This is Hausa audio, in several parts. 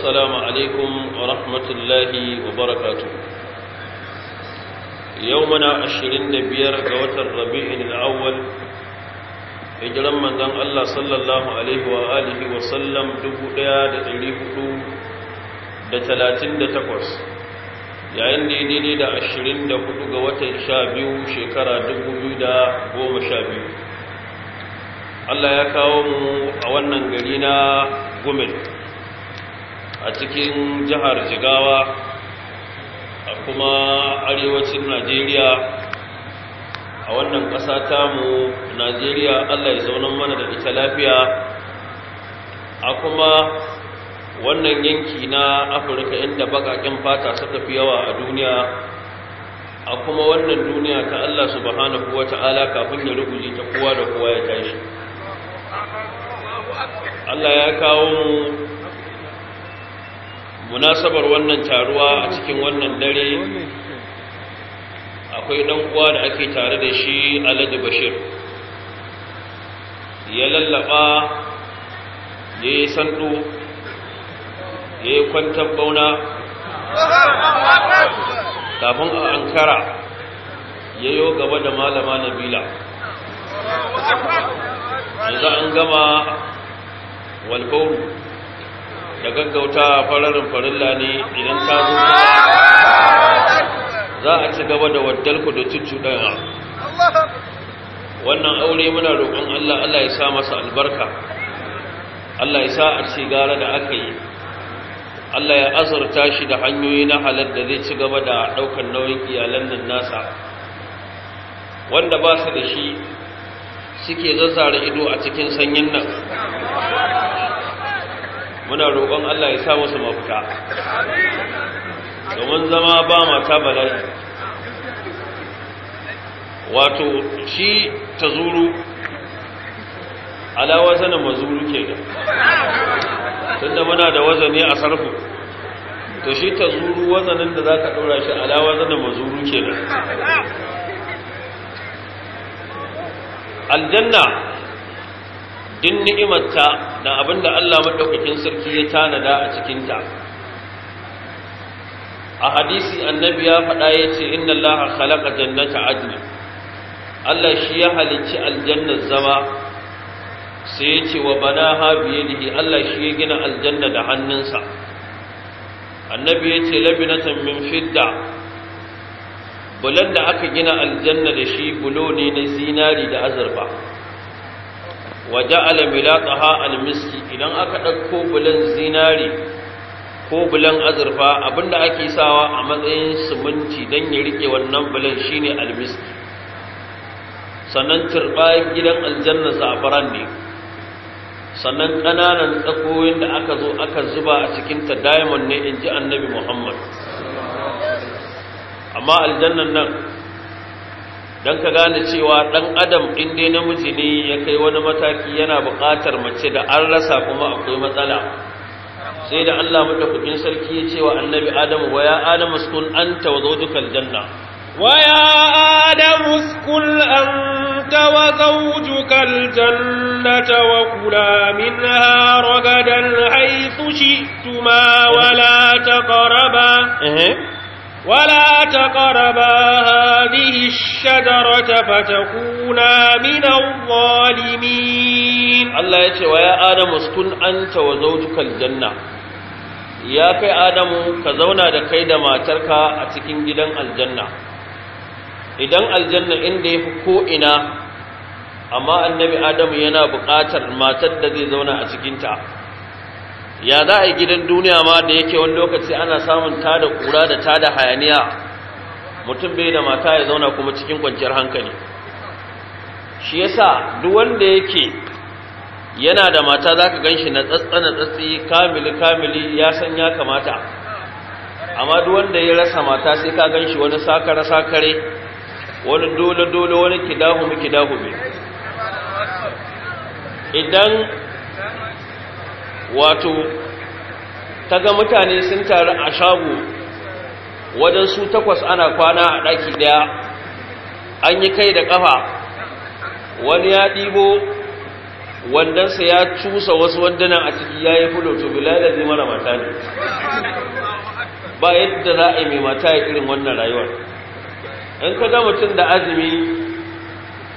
السلام عليكم ورحمة الله وبركاته يومنا عشرين بيار قوات الربيع الأول hijiran manzon Allah sallallahu alaihi wa wa sallam 1438 yayin da daidai da 24 ga watan 12 shekara 2012 Allah ya kawo mu a wannan gari na Gumel a cikin jihar jigawa a kuma arewacin najeriya a wannan ƙasa tamu najeriya allah ya zauna mana da ita lafiya a kuma wannan yanki na afirka inda bakakin fata suka fi yawa a duniya a kuma wannan duniya ta allah subhanahu wa ta'ala kafin ya rubuce ta kowa da kowa ya tashi allah ya kawo mu munasabar wannan taruwa a cikin wannan dare akwai ɗan uwa da ake tare da shi alhaji bashir ya lallaba ya yi sandu ya yi kwantar bauna kafin a ankara ya yi gaba da malama nabila yanzu an gama walbauru da gaggauta fararin farilla ne idan ta zo za a ci gaba da waddalku da cuccuɗaya wannan aure muna roƙon Allah Allah ya sa masa albarka Allah ya sa a ci gara da aka yi Allah ya azurta shi da hanyoyi na halar da zai ci gaba da ɗaukar nauyin iyalan nan nasa wanda ba su da shi suke zazzara ido a cikin sanyin nan muna roƙon Allah ya sa musu mafita domin zama ba mata bala'i wato shi ta zuru ala wazanin mazuru ke da tunda muna da wazani a sarfu to shi ta zuru wazanin da za ka ɗora shi ala wazanin mazuru ke da aljanna din ni'imarta da abinda Allah madaukakin sarki ya tanada a cikin ta a hadisi annabi ya faɗa ya ce inna allaha khalaqa jannata adli Allah shi ya halicci aljanna zama sai ya ce wa banaha biyadihi Allah shi ya gina aljanna da hannunsa annabi ya ce labinatan min fidda bulan da aka gina aljanna da shi bulo ne na zinari da azurfa Waje وجعل ملاطها المسك idan aka ɗauko bulan zinari ko bulan azurfa abinda ake sawa a matsayin siminti don ya riƙe wannan bulan shine almiski sannan turbayin gidan aljanna zafaran ne sannan kananan tsakoyin da aka zo aka zuba a cikin ta diamond ne inji annabi Muhammad amma aljannan nan don ka gane cewa ɗan adam in dai namiji ne ya kai wani mataki yana buƙatar mace da an rasa kuma akwai matsala sai da Allah kuɗin sarki ya cewa annabi Adamu wa ya Adamu an anta wa dukkan janna wa ya Adamu uskun anta dukkan janna ta wa kula minha ragadan haythu shi'tuma wa la taqraba Kwala takarar rabi, bihi sha da roƙe fa takuna min auri ma. Allah ya ce "Waya Adamu su kuncanta wa zautukar Janna? Iyakai Adamu, ka zauna da kai da matarka a cikin gidan aljanna. Idan aljanna inda ya fi ko'ina, amma annabi Adamu yana buƙatar matar da zai zauna a cikinta. ya za a yi gidan duniya ma da yake wani lokaci ana samun ta da kura da ta da hayaniya mutum bai da mata ya zauna kuma cikin kwanciyar hankali shi yasa duk wanda yake yana da mata zaka ganshi na tsatsana tsatsi kamili kamili ya san ya kamata amma duk wanda ya rasa mata sai ka ganshi wani sakara sakare wani dole dole wani kidahu mu kidahu idan wato ta ga mutane sun taru a shago wajen su takwas ana kwana a ɗaki ɗaya an yi kai da ƙafa wani ya ɗibo wandansa ya cusa wasu wandanan a ciki ya yi fulo to bilala zai mara mata ne ba yadda za a yi mai mata ya irin wannan rayuwar in ka ga mutum da azumi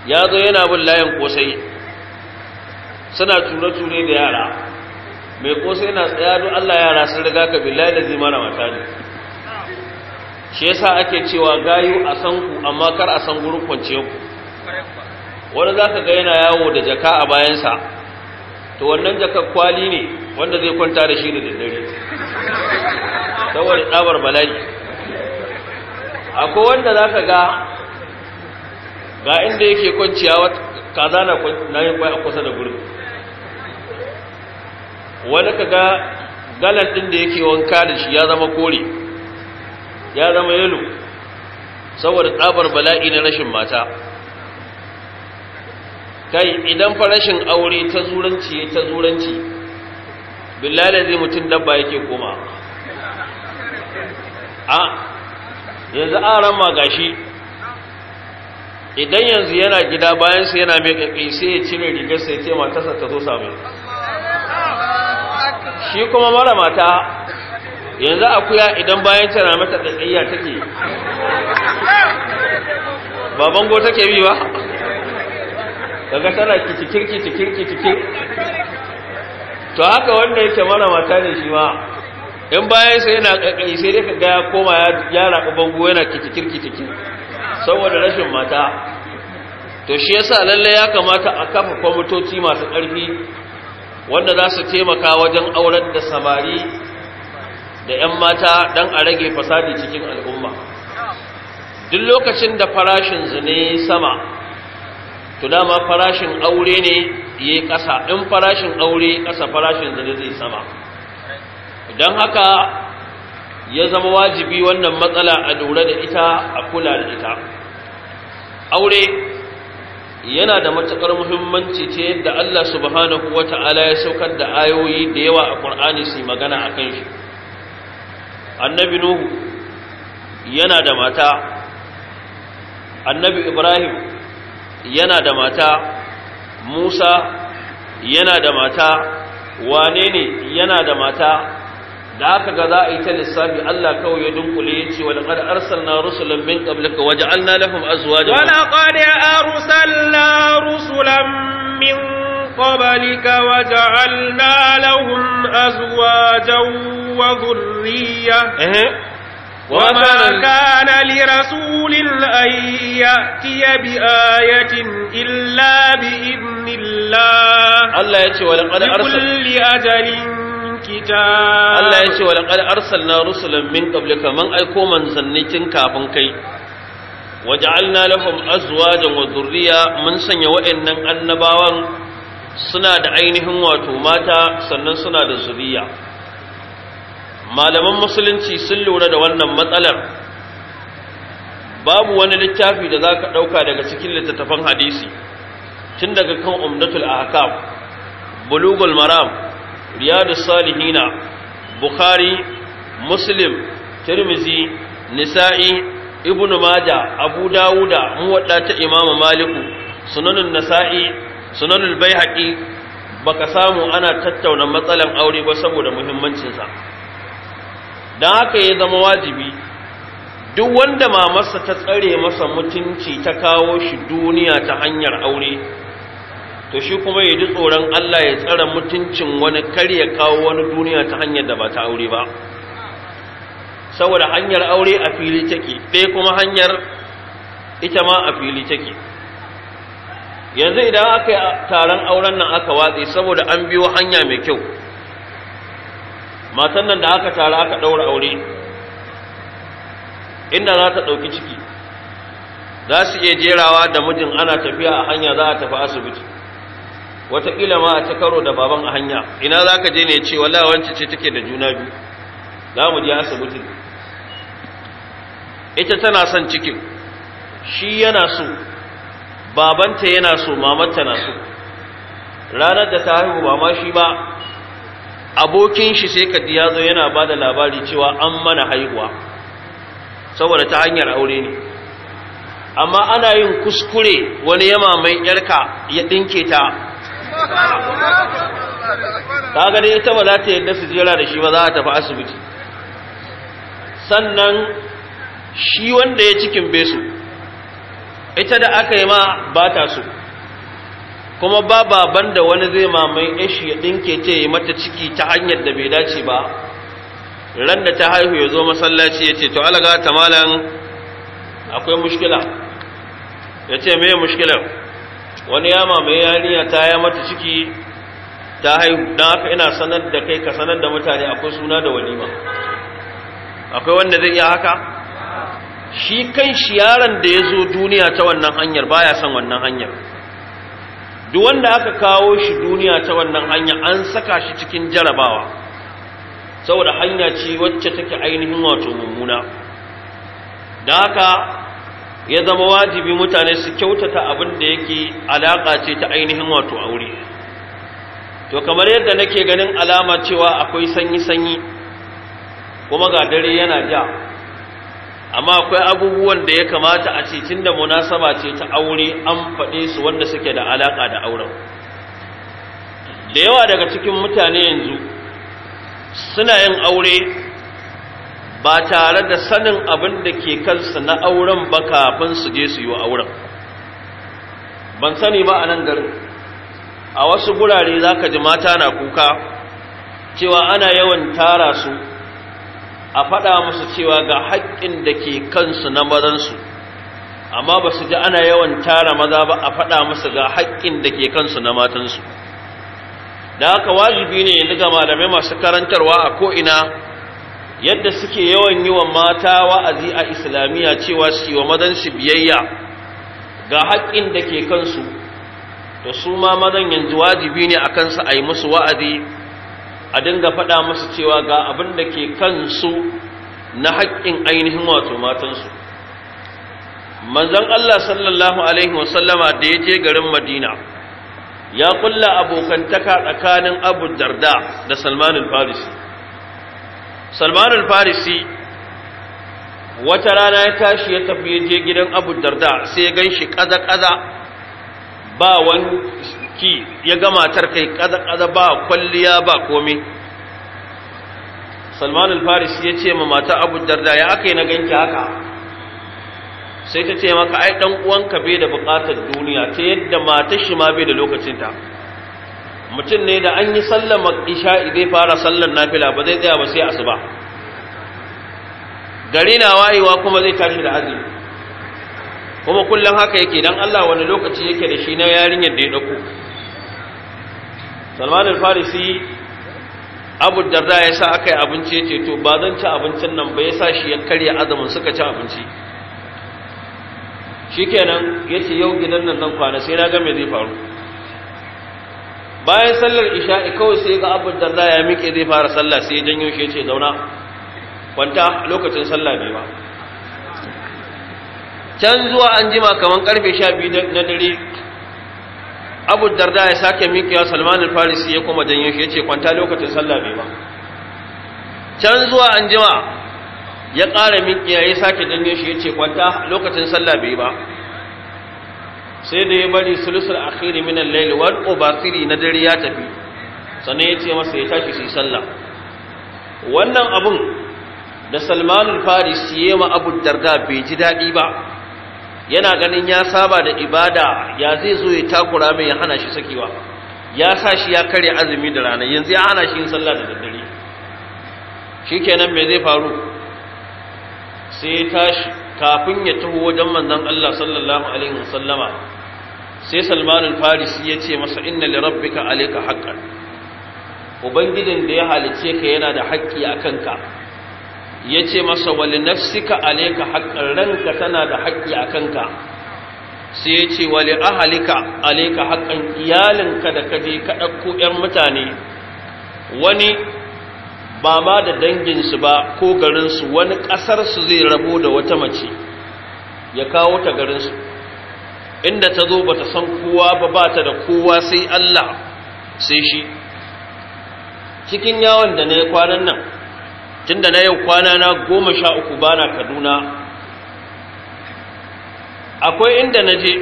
ya zo yana bin layin kosai suna ture-ture da yara mai kosai na tsaya don Allah yara sun riga ka billahi da zai mara mata ne shi yasa ake cewa gayu a san ku amma kar a san gurin kwance ku wani za ka ga yana yawo da jaka a bayansa to wannan jakar kwali ne wanda zai kwanta da shi da daddare saboda tsabar bala'i akwai wanda za ka ga ga inda yake kwanciya kaza na yin kwai a kusa da gurin wani kaga galan ɗin da yake wanka da shi ya zama kore ya zama yalo saboda tsabar bala'i na rashin mata kai idan fa rashin aure ta zuranci ta zuranci billahi zai mutum dabba yake koma a yanzu an rama gashi idan yanzu yana gida bayan sai yana mai ƙaƙi sai ya cire rigar sai ce matarsa ta zo same shi kuma mara mata yanzu akuya idan bayan tana mata tsakiya take ba bango take bi ba daga tana kitikir kitikir kitikir to haka wanda yake mara mata ne shi ma in bayan sai yana ƙaƙari sai dai gaya ya koma ya rabu bango yana kitikir kitikir saboda rashin mata to shi yasa lalle ya kamata a kafa kwamitoci masu ƙarfi wanda za su taimaka wajen aurar da samari da 'yan mata don a rage fasadi cikin al'umma duk lokacin da farashin zane sama to dama farashin aure ne ya ƙasa in farashin aure ƙasa farashin zane zai sama don haka ya zama wajibi wannan matsala a lura da ita a kula da ita aure yana da matakar muhimmanci ta yadda Allah subhanahu ta'ala ya saukar da ayoyi da yawa a ƙur'ani su magana akan shi Annabi Nuhu yana da mata Annabi Ibrahim yana da mata Musa yana da mata wane ne yana da mata da aka ga za a yi ta lissafi Allah kawai ya dunkule ya ce wa laqad arsalna rusulan min qablika wa ja'alna lahum azwajan wa laqad arsalna rusulan min qablika wa ja'alna lahum azwajan wa rasulin وما كان لرسول أن يأتي بآية إلا بإذن الله الله يقول لكل أجل Allah ya الكتاب الله min ولقد أرسلنا رسلا من قبلك من kafin kai. kai, كافن كي وجعلنا لهم أزواجا وذرية sanya سنة وإن annabawan suna da ainihin wato mata sannan suna da zuriya malaman musulunci sun lura da wannan matsalar babu wani littafi da za ka ɗauka daga cikin littattafan hadisi tun daga kan umdatul ahkam bulugul maram Riyadu salihina bukhari muslim tirmizi nisa'i ibnu maja abu dawuda wadda ta imam maliku sunanun nasa'i sunanul baihaqi baka samu ana tattauna matsalan aure ba saboda muhimmancinsa dan haka ya zama wajibi duk wanda mamarsa ta tsare masa mutunci ta kawo shi duniya ta hanyar aure to shi kuma ya ji tsoron Allah ya tsara mutuncin wani karya ya kawo wani duniya ta hanyar da ba ta aure ba saboda hanyar aure a fili take ɗaya kuma hanyar ita ma a fili take yanzu idan aka yi taron auren nan aka watsi saboda an biyo hanya mai kyau matan nan da aka tara aka ɗaura aure inda za ta ɗauki ciki za su iya jerawa da mijin ana tafiya a hanya za a tafi asibiti wataƙila ma a karo da baban a hanya ina za ka je ne ce wala wance ce take da juna biyu za mu je asibiti ita tana son cikin shi yana so babanta yana so mamanta na so ranar da ta haihu ba shi ba abokin shi sai ka ya zo yana ba da labari cewa an mana haihuwa saboda ta hanyar aure ne amma ana yin kuskure wani yama mai yarka ya ɗinke ta ta gani ita ba za ta yadda su jira da shi ba za a tafi asibiti sannan shi wanda ya cikin besu ita da aka yi ma ba ta so kuma ba baban da wani zai mamaye ishi ya ɗinke ce yi mata ciki ta hanyar da bai dace ba ran da ta haihu ya zo masallaci ya ce to alaga tamalan akwai mushkila ya ce mai mushkilar wani ya mai yariya ta ya mata ciki ta haihu don haka ina sanar da kai ka sanar da mutane akwai suna da walima akwai wanda zai iya haka shi kan shi yaron da ya zo duniya ta wannan hanyar baya son wannan hanyar duk wanda aka kawo shi duniya ta wannan hanyar, an saka shi cikin jarabawa saboda hanya ce wacce take ainihin wato mummuna da haka ya zama wajibi mutane su kyautata abin da yake alaƙa ce ta ainihin wato aure to kamar yadda nake ganin alama cewa akwai sanyi-sanyi kuma ga dare yana ja amma akwai abubuwan da ya kamata a ce tun da munasaba ce ta aure an faɗe su wanda suke da alaƙa da auren da yawa daga cikin mutane yanzu suna yin aure ba tare da sanin abin da ke kansu na auren ba kafin su je su yi wa auren ban sani ba a nan garin a wasu gurare za ka ji mata na kuka cewa ana yawan tara su a faɗa musu cewa ga haƙƙin da ke kansu na mazansu amma ba su ji ana yawan tara maza ba a faɗa musu ga haƙƙin da ke kansu na matansu da haka wajibi ne ya ga malamai masu karantarwa a ko'ina yadda suke yawan yi wa mata wa'azi a islamiyya cewa su wa madansu biyayya ga haƙƙin da ke kansu da su ma madan yanzu wajibi ne a kansu a yi musu wa'azi a dinga faɗa musu cewa ga abin da ke kansu na haƙƙin ainihin wato matansu manzon Allah sallallahu alaihi wasallama da ya je garin Madina ya kulla abokantaka tsakanin abu darda da salman al-farisi salmanul farisi wata rana ya tashi ya tafi ya je gidan abu darda sai ya gan shi kaza-kaza ba wani ya ga matar kai kaza-kaza ba kwalliya ba komai al farisi ya ce ma mata abu darda ya aka yi na ganki haka sai ta ce maka ai dan uwanka bai da bukatar duniya ta yadda mata shi ma bai da lokacinta mutum ne da an yi sallar isha'i zai fara sallar nafila ba zai tsaya ba sai asuba gari na wayewa kuma zai tashi da azumi kuma kullum haka yake dan Allah wani lokaci yake da shi na yarinyar da ya dauko Salman al-Farisi Abu Darda ya sa akai abinci yace to ba zan ci abincin nan ba ya sa shi ya karya azumin suka ci abinci shikenan yace yau gidan nan nan kwana sai na ga me zai faru bayan sallar isha'i kawai sai ga abin da za ya miƙe zai fara sallah sai janyo shi ya ce zauna kwanta lokacin sallah bai ba can zuwa an jima kamar karfe sha biyu na dare abu darda ya sake miƙewa salman al-farisi ya kuma janyo shi ya ce kwanta lokacin sallah bai ba can zuwa an jima ya ƙara miƙewa ya sake janyo shi ya ce kwanta lokacin sallah bai ba sai da ya bari sulusul akhiri min al-layl obasiri na dare ya tafi sannan ya ce masa ya tashi shi sallah wannan abun da Salman al siye ya ma Abu Darda bai ji dadi ba yana ganin ya saba da ibada ya zai zo ya takura mai ya hana shi sakewa ya sa shi ya kare azumi da rana yanzu ya hana shi yin sallah da daddare shikenan me zai faru sai ya tashi kafin ya taho wajen manzon Allah sallallahu alaihi wasallama sai Salman al-Farisi ya ce masa inna li rabbika alayka haqqan ubangijin da ya halice ka yana da haƙƙi a kanka ya ce masa wali nafsika alayka haqqan ranka tana da haƙƙi a kanka sai ya ce wali ahalika alayka iyalinka da kaje ka ɗauko 'yan mutane wani ba ma da danginsu ba ko garinsu wani ƙasarsu zai rabo da wata mace ya kawo ta garinsu inda ta zo ba ta san kowa ba ba ta da kowa sai Allah sai shi cikin yawon da na yi kwanan nan tun da na yau kwana na goma sha uku ba na kaduna akwai inda na je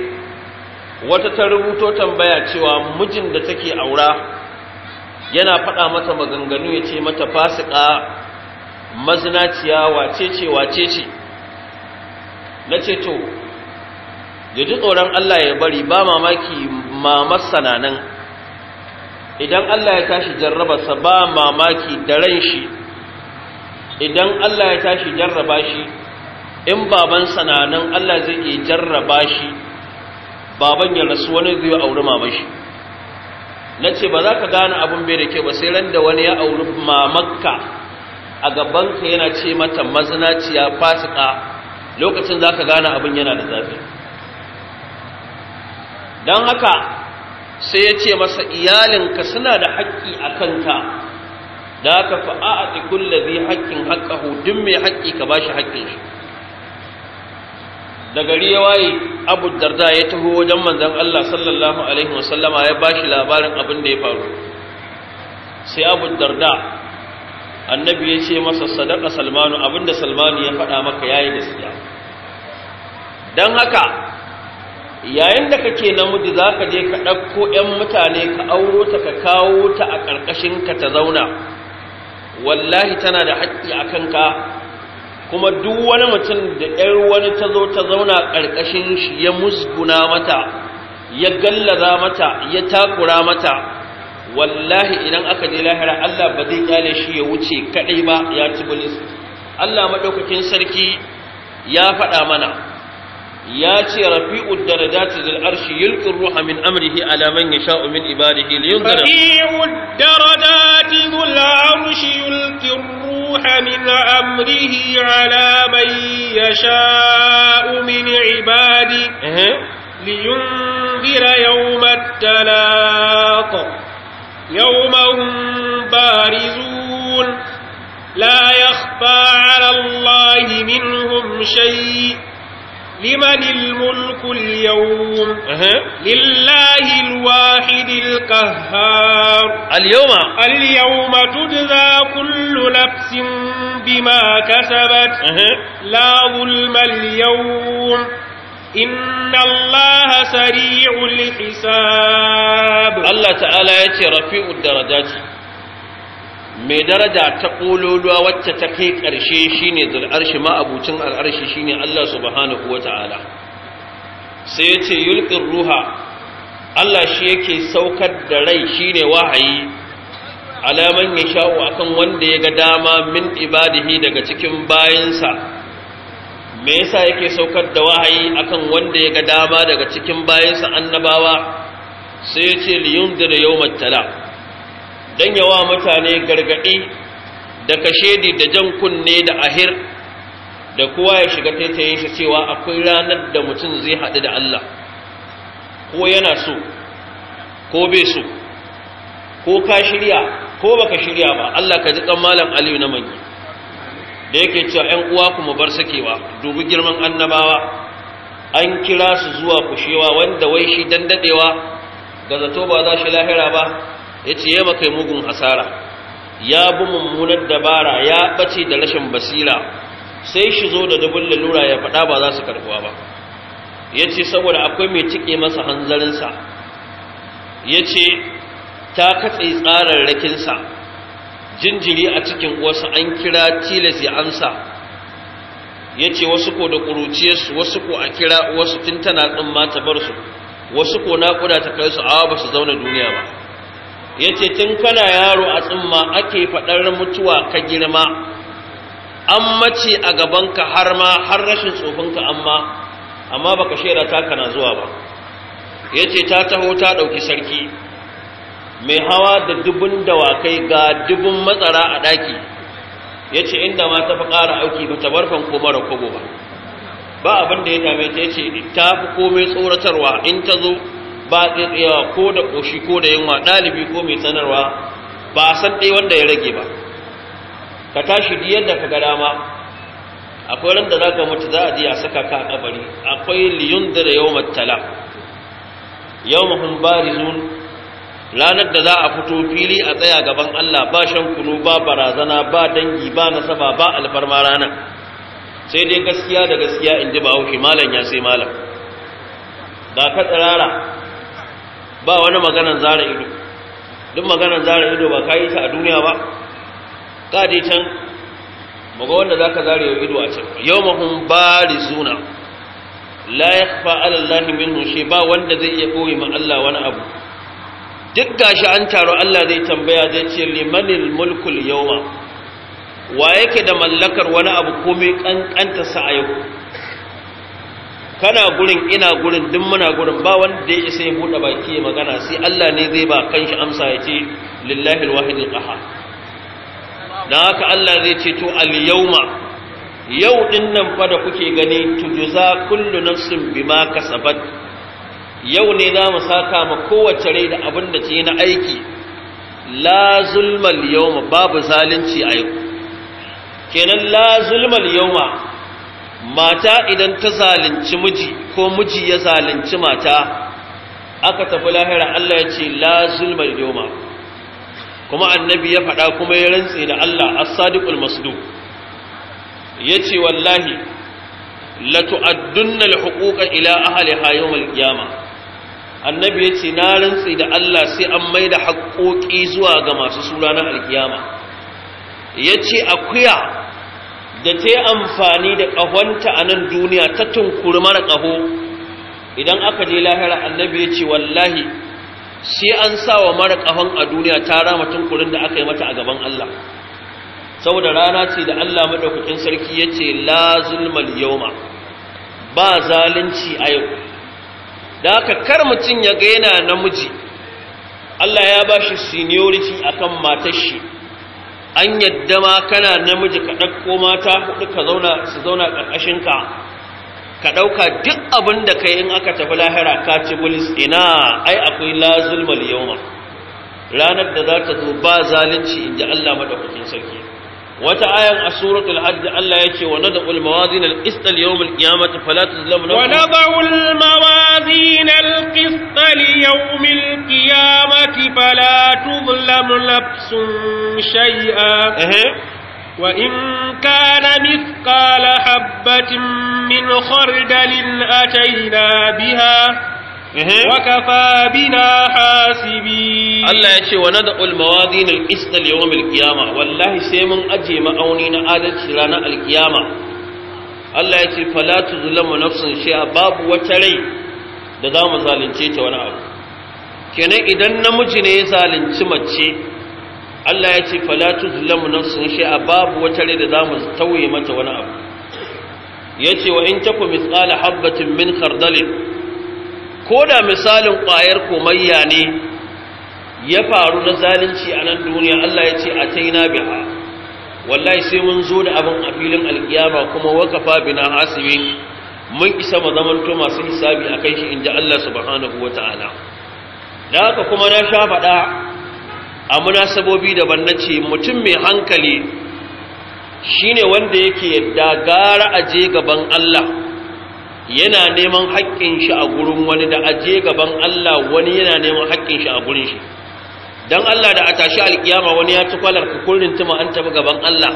wata ta rubuto tambaya cewa mijin da take aura yana faɗa mata maganganu ya ce mata fasika mazinaciya wace ce wace ce na ce to ya ji tsoron Allah ya bari ba mamaki mamar sananan idan Allah ya tashi jarrabarsa ba mamaki da ran shi idan Allah ya tashi jarraba shi in baban sananan Allah zai iya jarraba shi baban ya rasu wani zai auri mamashi na ce ba za ka gane abin bai da kyau ba sai ran da wani ya auri mamakka a gabanka yana ce mata mazinaciya fasika lokacin za ka gane abin yana da zafi don haka sai ya ce masa iyalinka suna da haƙƙi a kanta da aka fa'a a ɗi kullazi haƙƙin haƙƙahu duk mai haƙƙi ka ba shi haƙƙin shi da gari ya waye abu darda ya taho wajen manzan Allah sallallahu alaihi wasallama ya bashi labarin abin da ya faru sai abu darda annabi ya ce masa sadaka salmanu abin da salmanu ya faɗa maka yayi gaskiya dan haka yayin da kake namiji za ka je ka ɗauko 'yan mutane ka auro ta ka kawo ta a ka ta zauna wallahi tana da haƙƙi a ka kuma duk wani mutum da ‘yar wani ta zo ta zauna ƙarƙashin shi ya musguna mata ya gallaza mata ya takura mata wallahi idan aka je lahira Allah ba zai kyale shi ya wuce kaɗai ba ya ci bulis Allah maɗaukakin sarki ya faɗa mana ياتي رفيع الدرجات ذي العرش يلقي الروح من امره على من يشاء من عباده لينظر رفيع الدرجات ذو العرش يلقي الروح من امره على من يشاء من عباده إيه. لينذر يوم التلاق يوم هم بارزون لا يخفى على الله منهم شيء لمن الملك اليوم لله الواحد القهار اليوم اليوم تجزى كل نفس بما كسبت لا ظلم اليوم إن الله سريع الحساب الله تعالى يترفع رفيع الدرجات mai daraja ta ƙololuwa wacce ta kai ƙarshe shi ne zul'arshi ma'abucin al'arshi shi ne Allah subhanahu kuwa ta'ala sai ya ce yulƙin ruha Allah shi yake saukar da rai shi ne wahayi alaman ya sha'u a kan wanda ya ga dama min ibadihi daga cikin bayansa me yasa yake saukar da wahayi akan wanda ya ga dama daga cikin bayansa annabawa sai ya ce liyun yau matala don yawa mutane gargaɗi da kashedi da jan kunne da ahir da kowa ya shiga taitayin shi cewa akwai ranar da mutum zai haɗu da Allah ko yana so ko bai so ko ka shirya ko baka shirya ba Allah ka ji malam Aliyu na manyi da yake cewa 'yan uwa kuma bar sakewa dubi girman annabawa an kira su zuwa kushewa wanda wai shi dandadewa. dadewa ga zato ba za shi lahira ba ya ce ya makai mugun hasara ya bi mummunar dabara ya ɓace da rashin basira sai shi zo da dubin lalura ya faɗa ba za su karɓuwa ba ya ce saboda akwai mai cike masa hanzarinsa ya ce ta katse tsararrakinsa jinjiri a cikin wasu an kira tilas ya amsa ya ce wasu ko da ƙuruciyarsu wasu ko a kira wasu tun tana tsin ma ta bar su wasu ko naƙuda ta kai su awa ba su zauna duniya ba ya ce tun kana yaro a tsumma ake faɗar mutuwa ka girma an mace a gabanka har ma har rashin ka amma amma baka shaida ta kana zuwa ba ya ce ta taho ta ɗauki sarki mai hawa da dubun dawakai ga dubun matsara a ɗaki ya ce inda ma ta fi ƙara auki ba ta barfan ko mara kogo ba ba abin da ya dame ta ya ce ta fi komai tsoratarwa in ta zo ba tsayawa ko da ƙoshi ko da yunwa ɗalibi ko mai sanarwa ba a san ɗai wanda ya rage ba ka tashi di yadda ka ga dama akwai ran da za ka mutu za a ji a saka ka a akwai liyun da da yawon tala yawon hun rizun ranar da za a fito fili a tsaya gaban allah ba shan kunu ba barazana ba dangi ba nasaba ba alfarma rana sai dai gaskiya da gaskiya in ji ba haushi malam ya sai malam Ba ka tsirara ba wani maganar zara ido duk maganar zara ido ba ka yi ta a duniya ba ka dai can maga wanda za ka zara ido a can yau mahun bari da la ya fa alallahi min hushe ba wanda zai iya koyi ma Allah wani abu duk gashi an taro Allah zai tambaya zai ce limanin mulkul yau ma. wa yake da mallakar wani abu komai ƙanƙanta sa a yau kana gurin ina gurin duk muna gurin ba wanda ya isa ya bude baki ya magana sai Allah ne zai ba kanshi amsa ya ce lillahi alwahid alqahar dan haka Allah zai ce to al yawma yau din nan fa da kuke gani tujza kullu nafsin bima kasabat yau ne za mu saka ma kowace rai da abin da ce na aiki la zulmal yawma babu zalunci a yau kenan la zulmal yawma mata idan ta zalunci miji ko miji ya zalunci mata aka tafi lahira Allah ya ce la zulma yawma kuma annabi ya faɗa kuma ya rantse da Allah as-sadiqul masduq yace wallahi la tu'addunna al-huquqa ila ahliha yawm al-qiyama annabi yace na rantse da Allah sai an maida haƙoƙi zuwa ga masu sura na al-qiyama yace akuya da ta amfani da ƙahonta a nan duniya ta tunkuri mara ƙaho idan aka je lahira annabi ya ce wallahi sai an sa wa mara ƙahon a duniya ta rama tunkurin da aka yi mata a gaban Allah saboda rana ce da Allah maɗaukakin sarki ya ce la zulmal yauma ba zalunci a yau da haka kar mutum ya ga yana namiji Allah ya ba shi seniority akan matar shi an yadda ma kana namiji ka ɗauko mata hudu ka zauna su zauna ƙarƙashinka ka ɗauka duk abin da yi in aka tafi lahira ka ci bulis ina ai akwai lazulmal yauma ranar da za ta zo ba zalunci in ji Allah maɗaukakin sarki wata ayan a suratul hajj Allah ya wa nadul mawazin al qist al yawm al qiyamah fala tuzlamu nafsun wa nadul mawazin al qist al yawm al qiyamah fala tuzlamu nafsun shay'a wa in kana mithqala habatin min khardalin atayna biha Mhm. wa kafa bina hasibi Allah ya ce wa nad'u al-mawadin al-qist al-yawm al-qiyamah wallahi sai mun ajiye ma'auni na adalci ranar al-qiyama Allah ya ce fala tuzlamu nafsun shay'a babu wata rai da za mu zalunce ta wani abu kenan idan namiji ne ya zalunci mace Allah ya ce fala tuzlamu nafsun a babu wata rai da za mu tauye mata wani abu yace wa in takum misqala habatin min khardalin ko da misalin ƙwayar komayya ne ya faru na zalunci a nan duniya Allah ya ce a na biha wallahi sai mun zo da abin a filin alkiyama kuma wakafa bina hasimi mun isa ma zamanto masu hisabi a kai shi in ji Allah subhanahu wa ta'ala da haka kuma na sha faɗa a munasabobi daban na ce mutum mai hankali shine wanda yake yadda gara a je gaban Allah yana neman haƙƙin shi a gurin wani da aje gaban Allah wani yana neman haƙƙin shi a gurin shi dan Allah da a tashi alkiyama wani ya ci kwalar ka kullun tuma an tafi gaban Allah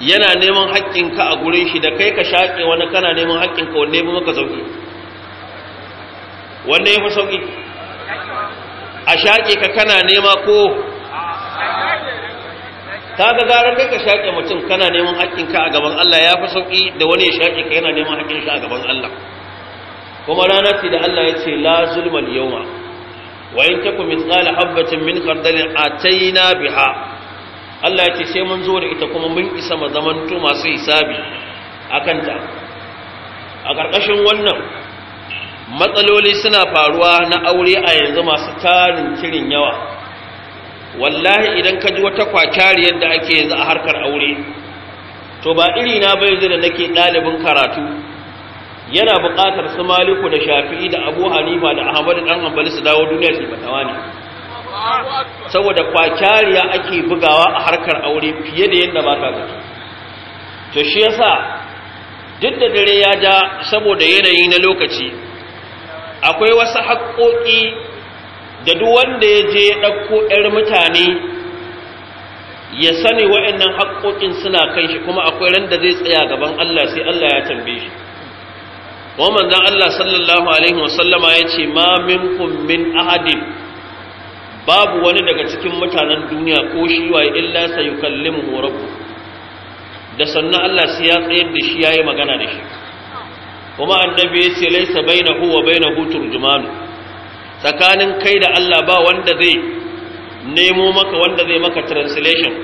yana neman haƙƙin ka a gurin shi da kai ka shaƙe wani kana neman haƙƙin ka wanne ba maka sauki wanne ya fi sauki a shaƙe ka kana nema ko kaga zarar kai ka shaƙe mutum kana neman ka a gaban Allah ya fi sauƙi da wani ya shaƙe ka yana neman shi a gaban Allah kuma rana ce da Allah ya ce la zulmal yawma wa in takum mithqala habatin min khardalin atayna biha Allah ya ce sai mun zo da ita kuma mun isa mu to masu hisabi akan ta a ƙarƙashin wannan matsaloli suna faruwa na aure a yanzu masu tarin kirin yawa wallahi idan ka ji wata kwakyari yadda ake yanzu a harkar aure to ba iri na bai da nake ɗalibin karatu yana buƙatar su maliku da shafi'i da abu hanifa da ahmadu dan hanbali su dawo duniya su batawa ne saboda kwakyariya ake bugawa a harkar aure fiye da yadda ba ka zai to shi yasa duk da dare ya ja saboda yanayi na lokaci akwai wasu haƙoƙi da duk wanda ya je ya ɗauko ‘yar mutane ya sani wa'yannan haƙoƙin suna kan shi kuma akwai randa zai tsaya gaban Allah sai Allah ya tambaye shi wa zan Allah sallallahu alaihi wasallama ya ce ma kun min ahadin babu wani daga cikin mutanen duniya ko shi waye illa kallin rabbuhu da sannan Allah sai ya tsayar da shi ya yi magana da shi kuma annabi ya ce laisa bai wa hutun Jumanu. tsakanin kai da Allah ba wanda zai nemo maka wanda zai maka translation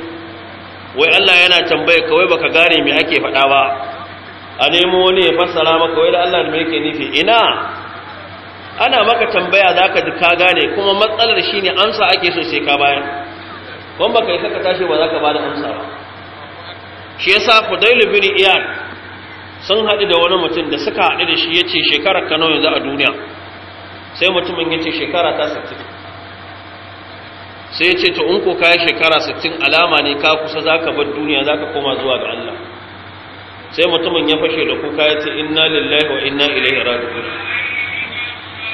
wai Allah yana tambaye kawai baka gane me ake faɗa ba a nemo wani ya fassara maka wai da Allah me yake nufi ina ana maka tambaya zaka ji ka gane kuma matsalar shine amsa ake so sai ka bayar ban baka yi saka tashi ba zaka bada amsa ba shi yasa Fudail bin Iyad sun haɗu da wani mutum da suka haɗu da shi yace shekarar ka nawa yanzu a duniya sai mutumin ya ce shekara ta 60 sai ya ce to in ko ka shekara 60 alama ne ka kusa za ka bar duniya za ka koma zuwa ga Allah sai mutumin ya fashe da kuka ya ce inna lillahi wa inna ilaihi raji'un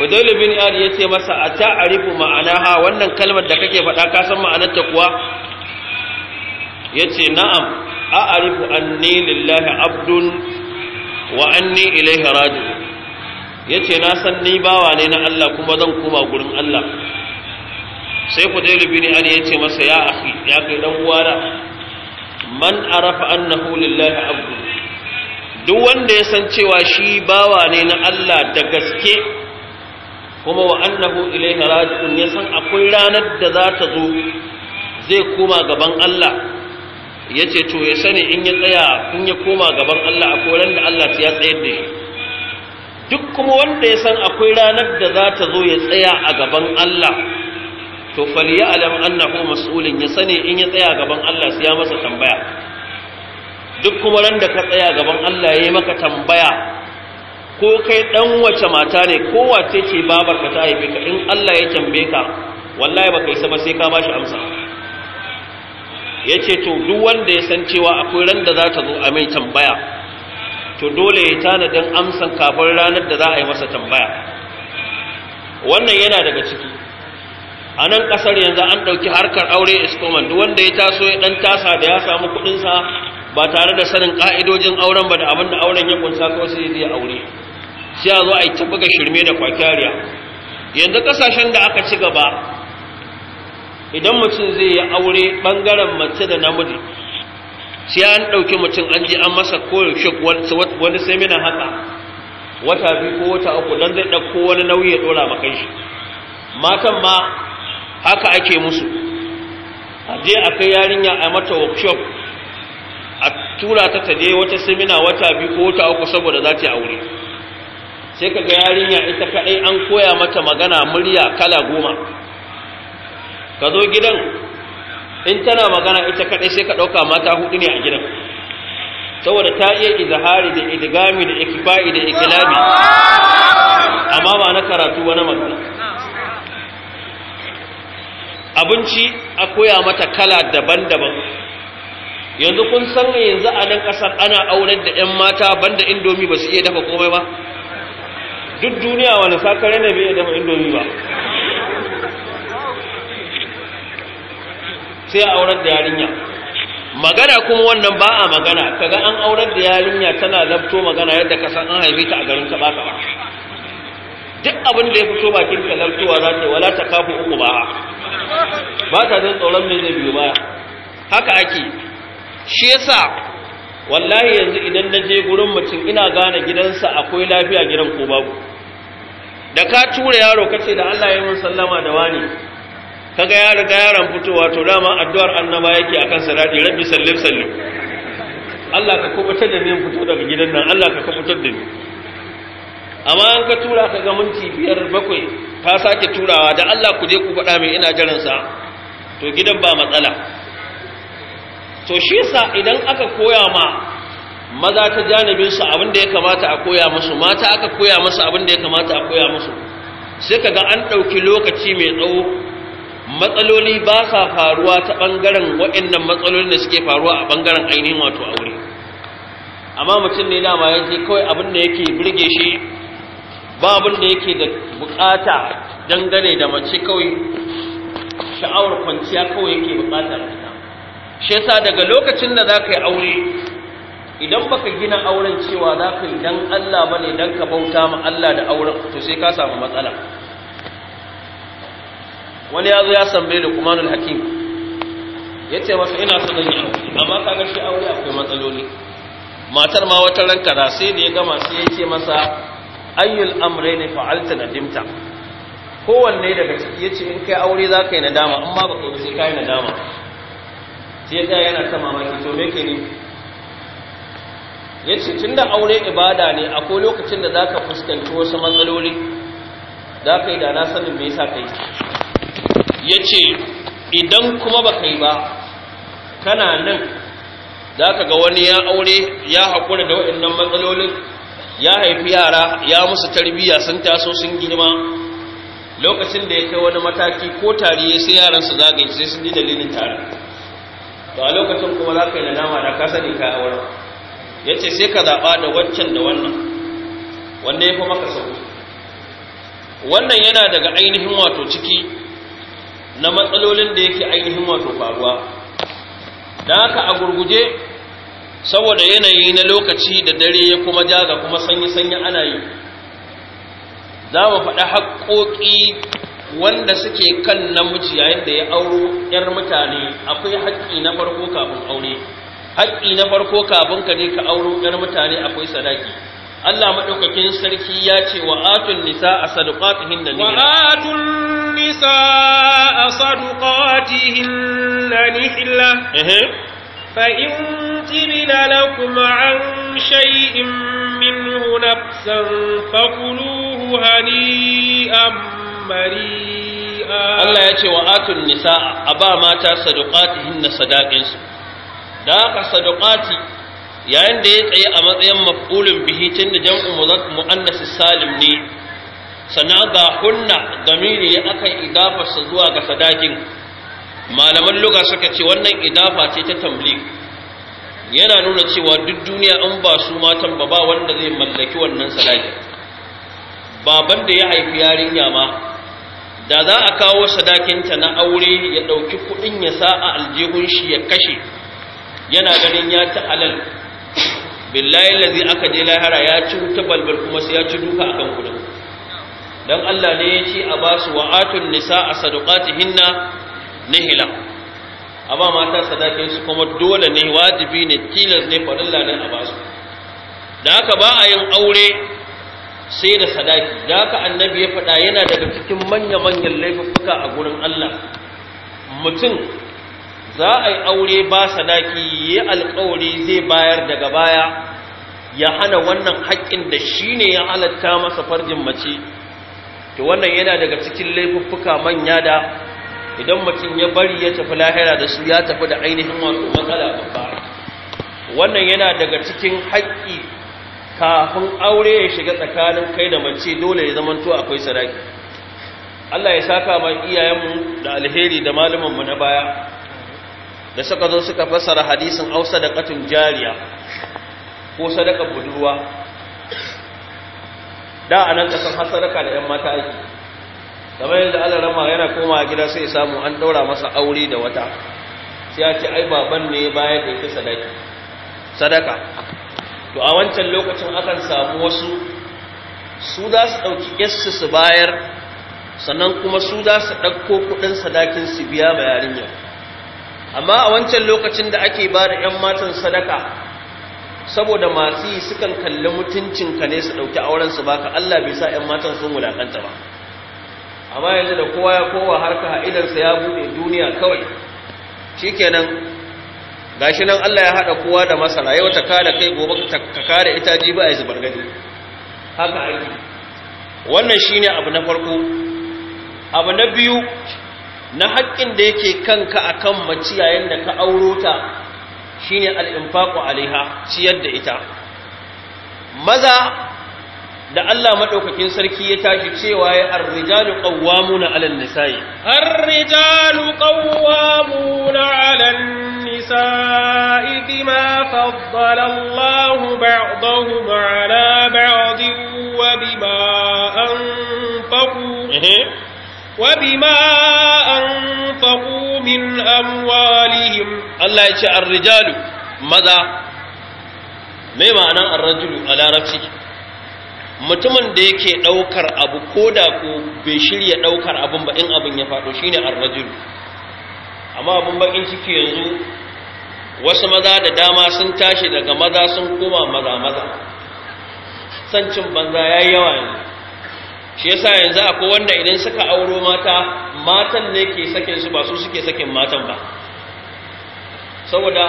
Fudail bin Iyad ya ce masa a ta ta'arifu ma'anaha wannan kalmar da kake faɗa ka san ma'anarta kuwa Ya ce na'am a an anni lillahi abdun wa an anni ilaihi raji'un ya ce na san ni bawa ne na Allah kuma zan koma gurin Allah sai ku dai libini an ya ce masa ya akhi ya kai dan uwana man arafa annahu lillahi abdu duk wanda ya san cewa shi bawa ne na Allah da gaske kuma wa annahu ilayhi raji'un ya san akwai ranar da za ta zo zai koma gaban Allah ya to ya sani in ya tsaya in ya koma gaban Allah akwai ran da Allah ya tsayar da shi duk kuma wanda ya san akwai ranar da za ta zo ya tsaya a gaban Allah to faliya alam annahu mas'ulin ya sani in ya tsaya a gaban Allah sai ya masa tambaya duk kuma ran da ka tsaya a gaban Allah ya yi maka tambaya ko kai dan wace mata ne ko wace ce babar ka ta haife ka in Allah ya tambaye ka wallahi baka isa ba sai ka bashi amsa yace to duk wanda ya san cewa akwai ran da za ta zo a mai tambaya to dole ya tanadin amsan kafin ranar da za a yi masa tambaya wannan yana daga ciki a nan ƙasar yanzu an ɗauki harkar aure iskoman duk wanda ya taso ya ɗan tasa da ya samu kuɗinsa ba tare da sanin ƙa'idojin auren ba da abin da auren ya kunsa ko sai zai aure sai a zo a yi tabbaga shirme da kwakiyariya yanzu ƙasashen da aka ci gaba idan mutum zai yi aure ɓangaren mace da namiji sai an ɗauki mutum an ji an masa koyaushe wani semina haka wata biyu ko wata uku don zai ɗauko wani nauyi ya ɗora makan shi matan ma haka ake musu a je a kai yarinya a mata workshop a tura ta ta je wata semina wata biyu ko wata uku saboda za ta aure sai ka ga yarinya ita kaɗai an koya mata magana murya kala goma ka zo gidan in tana magana ita kaɗai sai ka ɗauka mata hudu ne a gidan saboda ta iya izahari da idgami da ikfa'i da ikilabi amma ba na karatu wani magana abinci a koya mata kala daban-daban yanzu kun san yanzu a nan kasar ana aure da 'yan mata banda indomi ba su iya dafa komai ba duk duniya wani sakare ne bai iya dafa indomi ba sai auren da yarinya magana kuma wannan ba a magana kaga an aurar da yarinya tana labto magana yadda ka san an haife ta a garin ka ba ka ba duk abin da ya fito bakin ka labtowa za ta wala ta kafu uku ba ba ta jin tsoron mai zai biyo ba haka ake shi yasa wallahi yanzu idan na je gurin mutum ina gane gidansa akwai lafiya gidan ko babu da ka tura yaro kace da Allah ya yi mun sallama da wani kaga ya riga yaran fitowa to dama addu'ar annaba yake akan sarati rabbi sallim sallim Allah ka kubutar da ni fito daga gidan nan Allah ka kubutar da ni amma an ka tura ka ga minti biyar bakwai ka sake turawa da Allah ku je ku faɗa mai ina jiran sa to gidan ba matsala to shi yasa idan aka koya ma maza ta janibin su abin da ya kamata a koya musu mata aka koya musu abinda da ya kamata a koya musu sai ka ga an ɗauki lokaci mai tsawo matsaloli ba sa faruwa ta ɓangaren waɗannan matsalolin da suke faruwa a ɓangaren ainihin wato aure amma mutum ne dama ya ce kawai abin da yake birge shi ba abin da yake da bukata dangane da mace kawai sha'awar kwanciya kawai yake bukata da shi yasa daga lokacin da za ka yi aure idan baka gina auren cewa za ka yi dan Allah bane dan ka bauta ma Allah da auren to sai ka samu matsala wani ya zo ya sambe da kumanul hakim ya ce masa ina so zan yi aure amma ga shi aure akwai matsaloli matar ma wata ranka da sai da ya gama sai ya ce masa ayyul ne fa'alta nadimta kowanne daga ciki yace in kai aure za ka yi nadama amma ba kai sai yi nadama sai ya tsaya yana ta mamaki to me ke ne yace da aure ibada ne akwai lokacin da zaka fuskanci wasu matsaloli za ka yi da na sanin me yasa kai ya ce idan kuma ba kai ba kana nan za ka ga wani ya aure ya haƙura da waɗannan matsalolin ya haifi yara ya musu tarbiyya sun taso sun girma lokacin da ya kai wani mataki ko tari sai yaran su zagaye sai sun ji dalilin tare to a lokacin kuma za ka yi nama da ka sani ka aure ya ce sai ka zaɓa da waccan da wannan wanda ya fi maka sauki wannan yana daga ainihin wato ciki na matsalolin da yake ainihin wato faruwa da haka a gurguje saboda yanayi na lokaci da dare ya kuma ja ga kuma sanyi-sanyi ana yi za mu faɗi haƙoƙi wanda suke kan namiji yayin da ya auro 'yar mutane akwai haƙƙi na farko kafin aure haƙƙi na farko kafin ka ne ka auro 'yar mutane akwai sadaki Allah maɗaukakin sarki ya ce wa atun nisa a sadaqatihin da wa atun النساء صدقاتهن نحلة فإن طبن لكم عن شيء منه نفسا فكلوه هنيئا مريئا الله يأتي وآتوا النساء أبا ماتا صدقاتهن صداقنس داق صدقاتي yayin da ya tsaye a matsayin maf'ulun bihi tun da jam'u muannas salim ne Sana ga hunna damiri ya aka idafarsa zuwa ga sadakin malaman luga suka ce wannan idafa ce ta tamlik yana nuna cewa duk duniya an ba su matan ba ba wanda zai mallaki wannan sadakin baban da ya haifi yarinya ma da za a kawo sadakinta na aure ya ɗauki kuɗin ya sa a aljihun shi ya kashe yana ganin ya ta halal billahi lazi aka je lahara ya ci wuta balbal kuma sai ya ci duka akan kuɗin dan Allah ne ya ce a ba su wa'atun nisa a sadaqatihinna nihila ba mata sadakin su kuma dole ne wajibi ne tilas ne farilla ne a ba su da haka ba a yin aure sai da sadaki da haka annabi ya faɗa yana daga cikin manya-manyan laifuka a gurin Allah mutum za a yi aure ba sadaki ya alkawari zai bayar daga baya ya hana wannan haƙƙin da shi ne ya halatta masa farjin mace to wannan yana daga cikin laifuffuka manya da idan mutum ya bari ya tafi lahira da su ya tafi da ainihin wato matsala babba wannan yana daga cikin haƙƙi kafin aure ya shiga tsakanin kai da mace dole ya zamanto akwai sadaki Allah ya saka ma iyayenmu da alheri da mu na baya da suka zo suka fassara hadisin ausa da katun jariya ko sadaka budurwa da a nan kasan hasaraka da 'yan mata aiki kamar yadda ala rama yana koma gida sai samu an ɗaura masa aure da wata sai ya ce ai baban ne bayan da yake sadaki sadaka to a wancan lokacin akan samu wasu su za su ɗauki yassu su bayar sannan kuma su za su ɗauko kuɗin sadakin su biya ma yarinya amma a wancan lokacin da ake ba da 'yan matan sadaka saboda masu yi sukan kalli mutuncinka ne su ɗauki aurensu baka Allah bai sa ‘yan matan sun wulaƙanta ba amma yanzu da kowa ya kowa harka ha'idarsa ya buɗe duniya kawai shi kenan gashi nan Allah ya haɗa kowa da masara yau ta kada kai gobe ka kada ita ji ba a yi zubar gani haka aiki wannan shi ne abu na farko abu na biyu na haƙƙin da yake kanka akan maciyayin da ka auro ta shine al-infaqu alaiha ciyar da ita maza da Allah madaukakin sarki ya tashi cewa ya ar-rijalu qawwamuna 'alan nisa'i ar-rijalu qawwamuna 'alan nisa'i bima faddala Allahu ba'dahum 'ala wa bima anfaqu وبما أنفقوا من أموالهم الله يشاء الرجال ماذا ما معنى الرجل على نفسه mutumin da yake ɗaukar abu ko da ko bai shirya ɗaukar abin ba in abin ya faɗo shine arrajul amma abin bakin ciki yanzu wasu maza da dama sun tashi daga maza sun koma maza maza sancin banza yayi yawa yanzu shi yasa yanzu akwai wanda idan suka auro mata matan ne ke sakin su ba su suke sakin matan ba saboda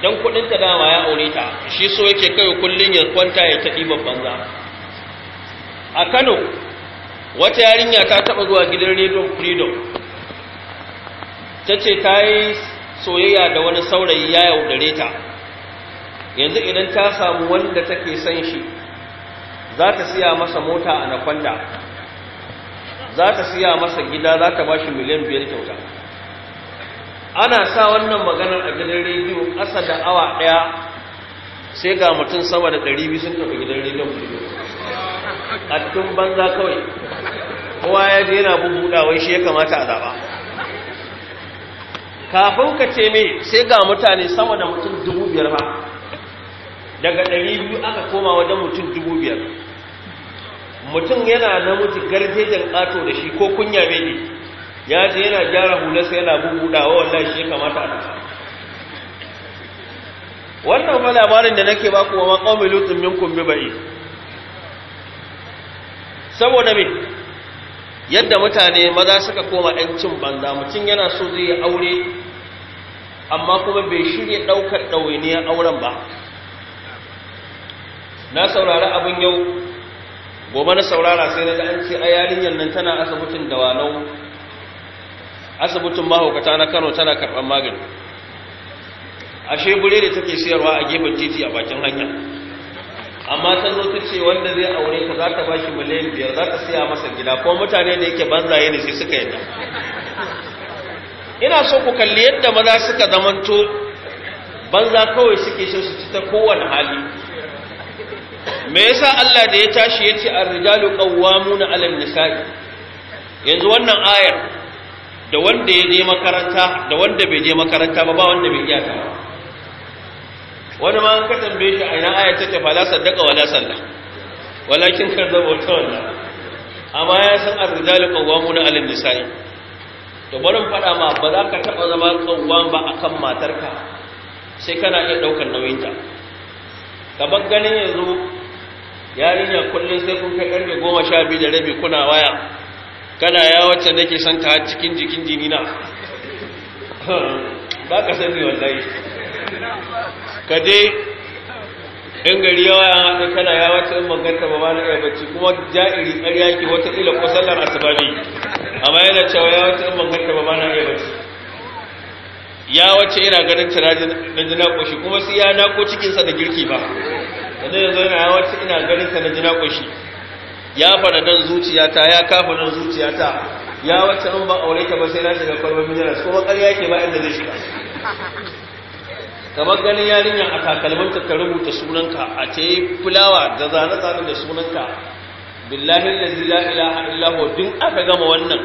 dan kudin ta dama ya aure ta shi so yake kai kullun ya kwanta ya taɗi babban za a Kano wata yarinya ta taba zuwa gidan Radio Freedom tace ta yi soyayya da wani saurayi ya yaudare ta yanzu idan ta samu wanda take son shi za ta siya masa mota a na kwanda. za ka siya masa gida za ka ba shi miliyan biyar kyauta ana sa wannan maganar a gidan rediyo ƙasa da awa ɗaya sai ga mutum sama da ɗari biyu sun tafi gidan rediyon a tun banza kawai kowa ya je yana wai shi ya kamata a zaɓa kafin ka ce mai sai ga mutane sama da mutum dubu biyar ba daga ɗari biyu aka koma wajen mutum dubu biyar mutum yana namiji jan ƙato da shi ko kunya mai ya ce yana gyara hulasa yana bubuɗawa wallahi shi ya kamata a wannan ba labarin da nake ba kuma maƙomi lutsun minkum kumbi ba'i saboda me yadda mutane maza suka koma ‘yancin banza mutum yana so zai yi aure amma kuma bai shirya ɗaukar ɗawainiyar auren ba na saurari abin yau gobe na saurara sai na ga'anci a yarinyar nan tana asibitin da walau. asibitin mahaukata na kano tana karɓar magani ashe shebure da take siyarwa a gefen titi a bakin hanya amma ta zo ta ce wanda zai aure ka za ta bashi miliyan biyar za ta siya masa gida ko mutane da yake banzaye ne sai suka yadda ina so ku kalli yadda maza suka zamanto banza kawai suke so su ci ta kowane hali me yasa Allah da ya tashi yace ar-rijalu qawwamuna 'alan nisa'i yanzu wannan ayar da wanda ya je makaranta da wanda bai je makaranta ba ba wanda bai iya ta wani ma an ka tambaye shi a ina ayar take fa la saddaqa wala salla walakin kazzaba ta wannan amma ya san ar-rijalu qawwamuna 'alan nisa'i to barin fada ma ba za ka taba zama qawwam ba akan matarka sai kana iya daukar nauyinta kamar ganin yanzu yarinya kullum sai kun kai karfe goma sha biyu da rabi kuna waya kana ya wacce nake son ta cikin jikin jinina ba ka san ni wallahi ka je in gari yawa ya haɗe kana ya wacce in maganta ba ba na ɗaya bacci kuma ja'iri ƙarya ke wata ila ko sallar asibari amma yana cewa ya wacce in maganta ba ba na ɗaya bacci ya wacce yana ganin ta na ji naƙoshi kuma sai ya nako cikinsa da girki ba yanzu yanzu yana ya wacce ina ganin ta na ji naƙoshi ya fara dan zuciyata ya kafa dan zuciyata ya wacce an ba aure ta ba sai na shiga kwalbar minerals kuma ƙarya yake ba inda zai shiga kamar ganin yarinyar a ta ka rubuta sunanka a ce fulawa da zane-zane da sunanka billahi lazi la ilaha illahu din aka gama wannan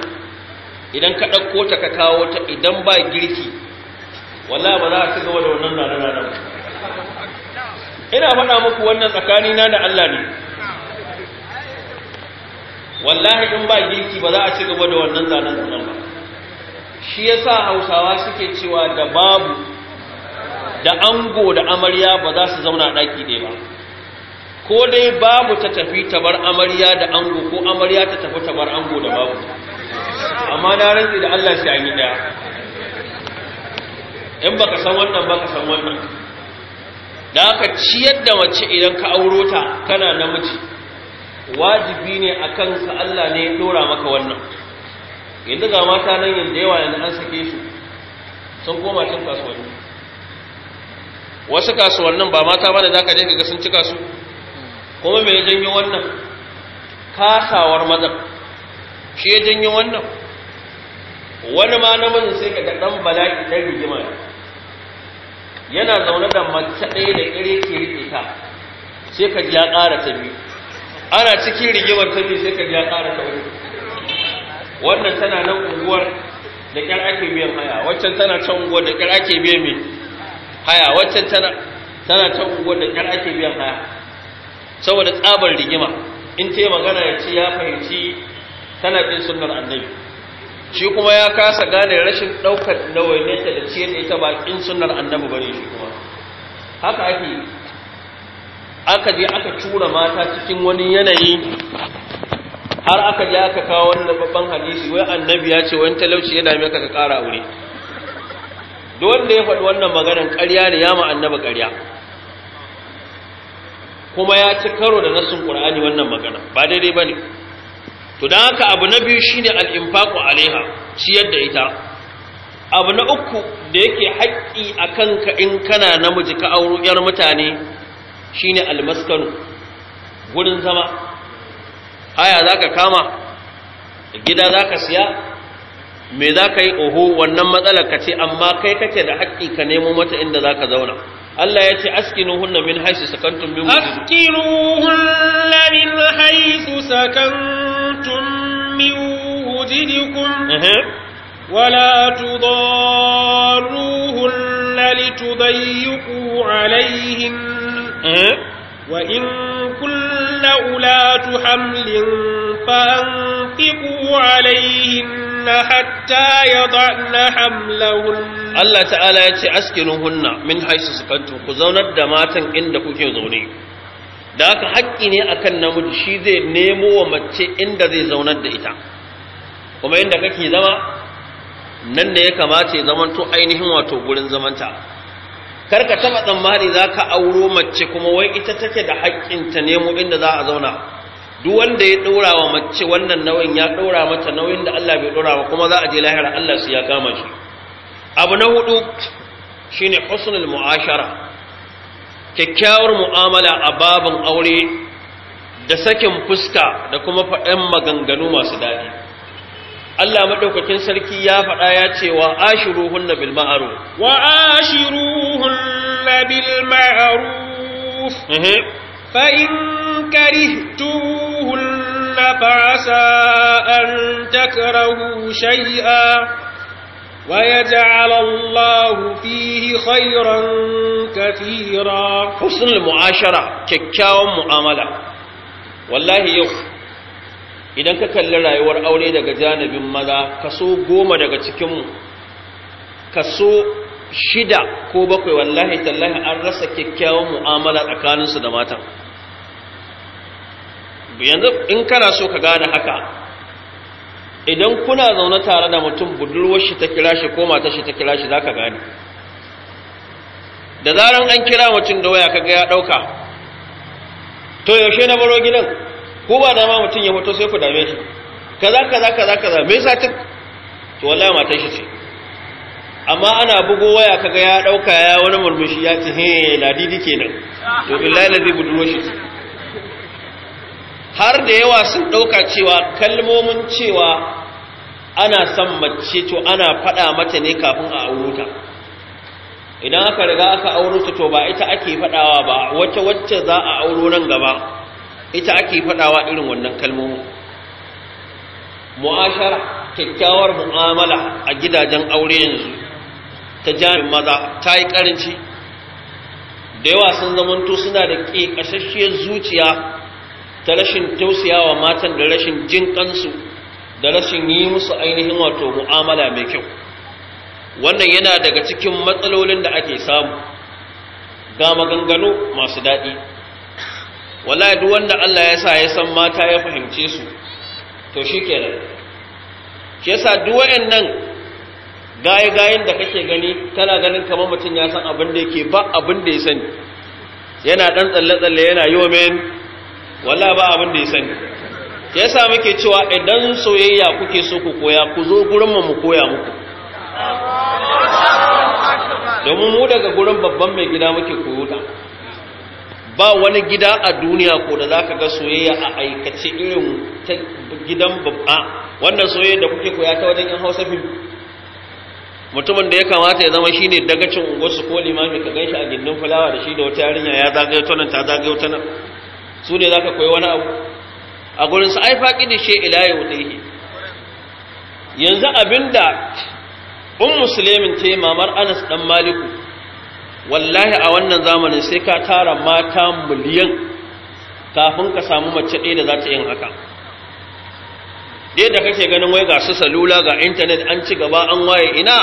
idan ka ɗauko ta ka kawo ta idan ba girki wallahi ba za a cigaba da wannan rana rana ina faɗa muku wannan tsakani na da Allah ne wallahi in ba girki ba za a cigaba da wannan zanen zanen ba shi yasa hausawa suke cewa da babu da ango da amarya ba za su zauna ɗaki ɗaya ba ko dai babu ta tafi ta bar amarya da ango ko amarya ta tafi ta bar ango da babu amma na rantsi da Allah shi a yi ɗaya in ba ka san wannan ba ka san wannan da aka ciyar da mace idan ka auro ta kana namiji wajibi ne a kansa Allah ne ya dora maka wannan yanzu ga mata nan yadda yawa yanzu an sake su sun koma cin kasuwanni wasu kasuwannin ba mata ba da za ka je ga sun cika su kuma me ya janyo wannan kasawar mazan shi ya janyo wannan wani ma namijin sai ka ɗan bala'i ta rigima yana zaune da mace ɗaya da ƙire ke riƙe ta sai ka ya ƙara ta biyu ana cikin rigimar ta biyu sai ka ya ƙara ta biyu wannan tana nan unguwar da ƙyar ake biyan haya waccan tana can unguwar da ƙyar ake biyan mai haya waccan tana tana can unguwar da ƙyar ake biyan haya saboda tsabar rigima in ta yi magana ya ce ya fahimci tana ƙin sunar annabi shi kuma ya kasa gane rashin ɗaukar nawainiyarta da ciyar da ita bakin sunar annabi bane shi kuma haka ake aka je aka tura mata cikin wani yanayi har aka je aka kawo wani babban hadisi wai annabi ya ce wani talauci ya dame ka kara aure duk wanda ya faɗi wannan maganar ƙarya ne ya ma annabi ƙarya kuma ya ci karo da nasin ƙur'ani wannan magana ba daidai ba ne to don haka abu na biyu shine al'infaƙo alaiha ciyar da ita abu na uku da yake haƙƙi a kanka in kana namiji ka auro ‘yar mutane shine almaskanu gurin zama haya za ka kama gida za ka siya me za ka yi oho wannan matsalar ka ce amma kai kake da haƙƙi ka nemo mata inda za ka zauna Allah ya ce askinuhunna min haisu sakantun min wujudu askinuhunna min haisu sakantun أسلمتم من وجدكم ولا تضاروهن لتضيقوا عليهن وإن كن أولاة حمل فأنفقوا عليهن حتى يضعن حملهن الله تعالى يتي أسكنهن من حيث سكنتم كزونت دماتا عندكم كي زوني da haka haƙƙi ne akan namiji shi zai nemo wa mace inda zai zaunar da ita kuma inda kake zama nan ne ya kamata ya zamanto ainihin wato gurin zamanta karka taba tsammani ka auro mace kuma wai ita take da haƙƙin ta nemo inda za a zauna duk wanda ya dora wa mace wannan nauyin ya dora mata nauyin da Allah bai dora ba kuma za a je lahira Allah su ya kama shi abu na hudu shine husnul mu'ashara kyakkyawar mu'amala a babin aure da sakin fuska da kuma faɗin maganganu masu daɗi Allah maɗaukakin sarki ya faɗa ya ce wa hunna bil ma'aru wa hunna bil ma'aru fa in fa asa an takrahu shay'a ويجعل الله فيه خيرا كثيرا حسن المعاشرة ككاو معاملة والله يخ idan ka kalli rayuwar aure daga janibin maza kaso goma daga cikinmu kaso shida ko bakwai wallahi tallahi an rasa kyakkyawan mu'amala tsakaninsu da matan yanzu in kana so ka gane haka idan kuna zaune tare da mutum budurwar shi ta kira shi ko matar shi ta kira shi za ka gane da zaran an kira mutum da waya kaga ya dauka to yaushe na baro gidan ko ba dama mutum ya mutu sai ku dame shi kaza kaza kaza kaza me yasa ta to wallahi matar shi ce amma ana bugo waya kaga ya dauka ya wani murmushi ya ce he ladidi kenan to billahi ladidi budurwar shi har da yawa sun ɗauka cewa kalmomin cewa ana son mace to ana faɗa mata ne kafin a auro ta idan aka riga aka aure ta to ba ita ake faɗawa ba wata wacce za a auro nan gaba ita ake faɗawa irin wannan kalmomin mu'ashara kyakkyawar mu'amala a gidajen aure yanzu ta jami'in maza ta yi ƙaranci da yawa sun zamanto suna da ƙe zuciya ta rashin wa matan da rashin jin kansu da rashin yi musu ainihin wato mu'amala mai kyau wannan yana daga cikin matsalolin da ake samu ga maganganu masu daɗi wallahi duk wanda Allah ya sa ya san mata ya fahimce su to shikenan Ke sa duk wayannan gaye-gayen da kake gani tana ganin kamar mutum ya san abin da yake ba abin da ya sani yana dan tsalle-tsalle yana yi wa yomen wallah ba abin da ya sani yasa muke cewa idan soyayya kuke so ku koya ku zo gurin mu koya muku domin mu daga gurin babban mai gida muke koyo da, ba wani gida a duniya ko da zaka ga soyayya a aikace irin ta gidan babba wannan soyayya da kuke koya ta wajen yan Hausa fi mutumin da ya kamata ya zama shine dagacin unguwarsu ko limami ka ganshi a gindin fulawa da shi da wata yarinya ya zagayo ta nan ta zagayo ta nan su ne za ka koyi wani abu a ai faƙi da shi yau da yi yanzu abinda un musulmin ce mamar anas ɗan maliku wallahi a wannan zamanin sai ka tara mata miliyan kafin ka samu mace ɗaya da za ta yin haka dai da kake ganin wai ga su salula ga intanet an ci gaba an waye ina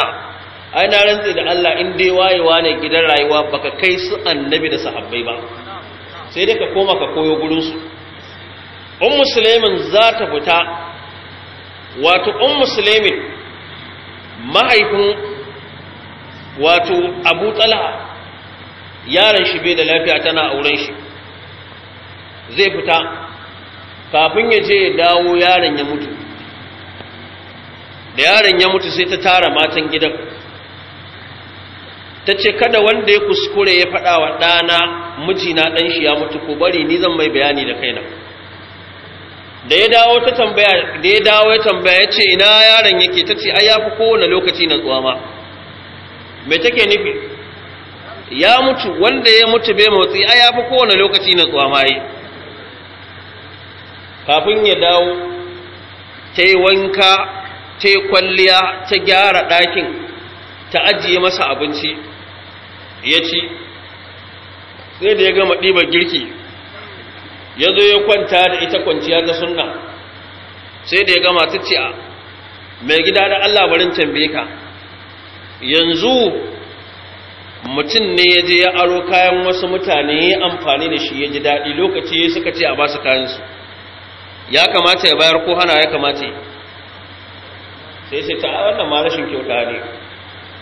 ai na rantsi da Allah in dai wayewa ne gidan rayuwa baka kai su annabi da sahabbai ba sai dai ka koma ka koyo gurinsu un musulmin za ta fita wato un musulmin mahaifin wato abu tsala yaron shi bai da lafiya tana auren shi zai fita kafin ya je ya dawo yaron ya mutu da yaron ya mutu sai ta tara matan gidan ta ce kada wanda ya kuskure ya faɗa wa ɗana mijina ɗan shi ya mutu ko bari ni zan mai bayani da kaina da ya dawo ta tambaya da ya dawo ya tambaya ya ce ina yaron yake ta ce ai ya fi kowane lokaci na tsuwa ma me take nufi ya mutu wanda ya mutu bai motsi ai ya fi kowane lokaci na tsuwa ma yi kafin ya dawo ta yi wanka ta yi kwalliya ta gyara ɗakin ta ajiye masa abinci ya ci sai da ya gama ɗibar girki ya zo ya kwanta da ita kwanciya ta sunna sai da ya gama ta ce a mai gida da Allah barin tambaye ka yanzu mutum ne ya je ya aro kayan wasu mutane ya amfani da shi ya ji daɗi lokaci suka ce a basu kayansu ya kamata ya bayar ko hana ya kamata sai sai ta wannan ma rashin kyauta ne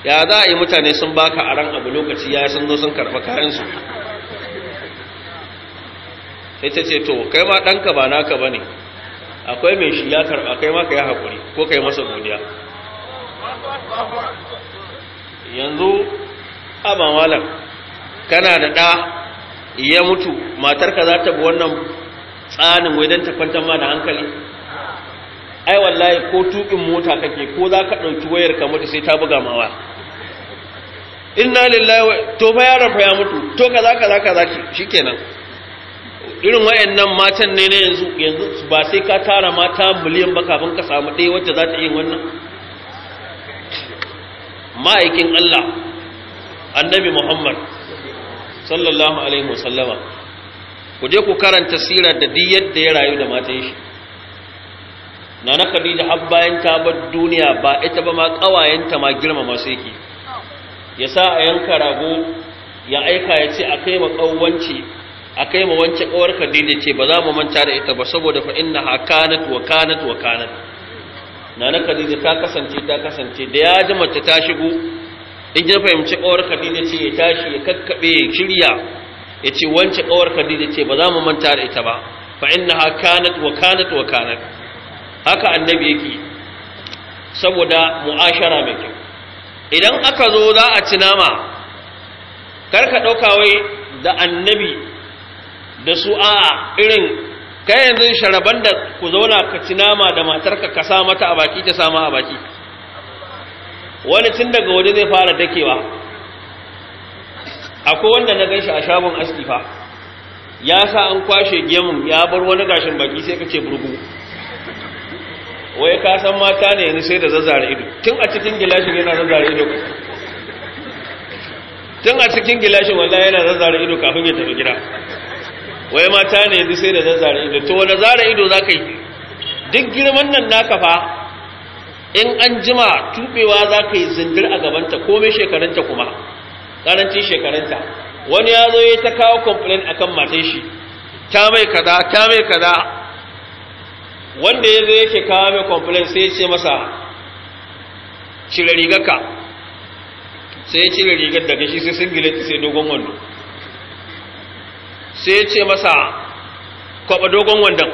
ya za a yi mutane sun baka aran abu lokaci ya sun zo sun karɓa kayansu sai ta ce to kai ma ɗanka ba naka ba ne akwai mai shi ya karɓa kai ma ka yi haƙuri ko ka yi masa godiya yanzu abin kana da ɗa ya mutu matarka za ta bi wannan tsanin wai don ta kwantar ma da hankali ai wallahi ko tukin mota kake ko za ka ɗauki wayar ka mutu sai ta buga mawa inna lillahi to fa ya rafa ya mutu to kaza kaza kaza shikenan irin wayannan matan ne na yanzu yanzu ba sai ka tara mata miliyan ba kafin ka samu ɗaya wacce za ta yi wannan ma'aikin Allah annabi Muhammad sallallahu alaihi wasallama ku je ku karanta sirar da duk yadda ya rayu da matan shi nana khadija har bayan ta bar duniya ba ita ba ma kawayenta ma girmama su yake ya sa a yanka rago ya aika ya ce a kai ma kawwanci a kai ma wance kawar khadija ce ba za mu manta da ita ba saboda fa inna ha kanat wa kanat wa kanat nana khadija ta kasance ta kasance da ya ji mace ta shigo in ya fahimci kawar khadija ce ya tashi ya kakkabe ya shirya ya ce wance kawar khadija ce ba za mu manta da ita ba fa inna ha kanat wa kanat wa kanat haka annabi yake saboda mu'ashara mai kyau idan aka zo za a ci nama karka ɗauka wai da annabi da su a'a irin kai yanzu sharaban da ku zauna ka ci nama da matarka ka sa mata a baki ta sama a baki wani tun daga waje zai fara dakewa akwai wanda na gan a shagon askifa ya sa an kwashe gemun ya bar wani gashin baki sai ka ce burgu wai ka san mata ne ni sai da zazzare ido tun a cikin gilashin yana zazzare ido tun a cikin gilashin wallahi yana zazzare ido kafin ya tafi gida wai mata ne ni sai da zazzare ido to wanda zare ido za ka yi duk girman nan na kafa. in an jima tubewa za ka yi zindir a gabanta komai shekarunta kuma Karanci shekarunta wani ya zo ya ta kawo complain akan matan shi ta mai kaza ta mai kaza wanda ya zo yake kawo mai complain sai ya ce masa cire rigarka sai ya cire rigar daga shi sai singileti sai dogon wando sai ya ce masa kwaba dogon wandon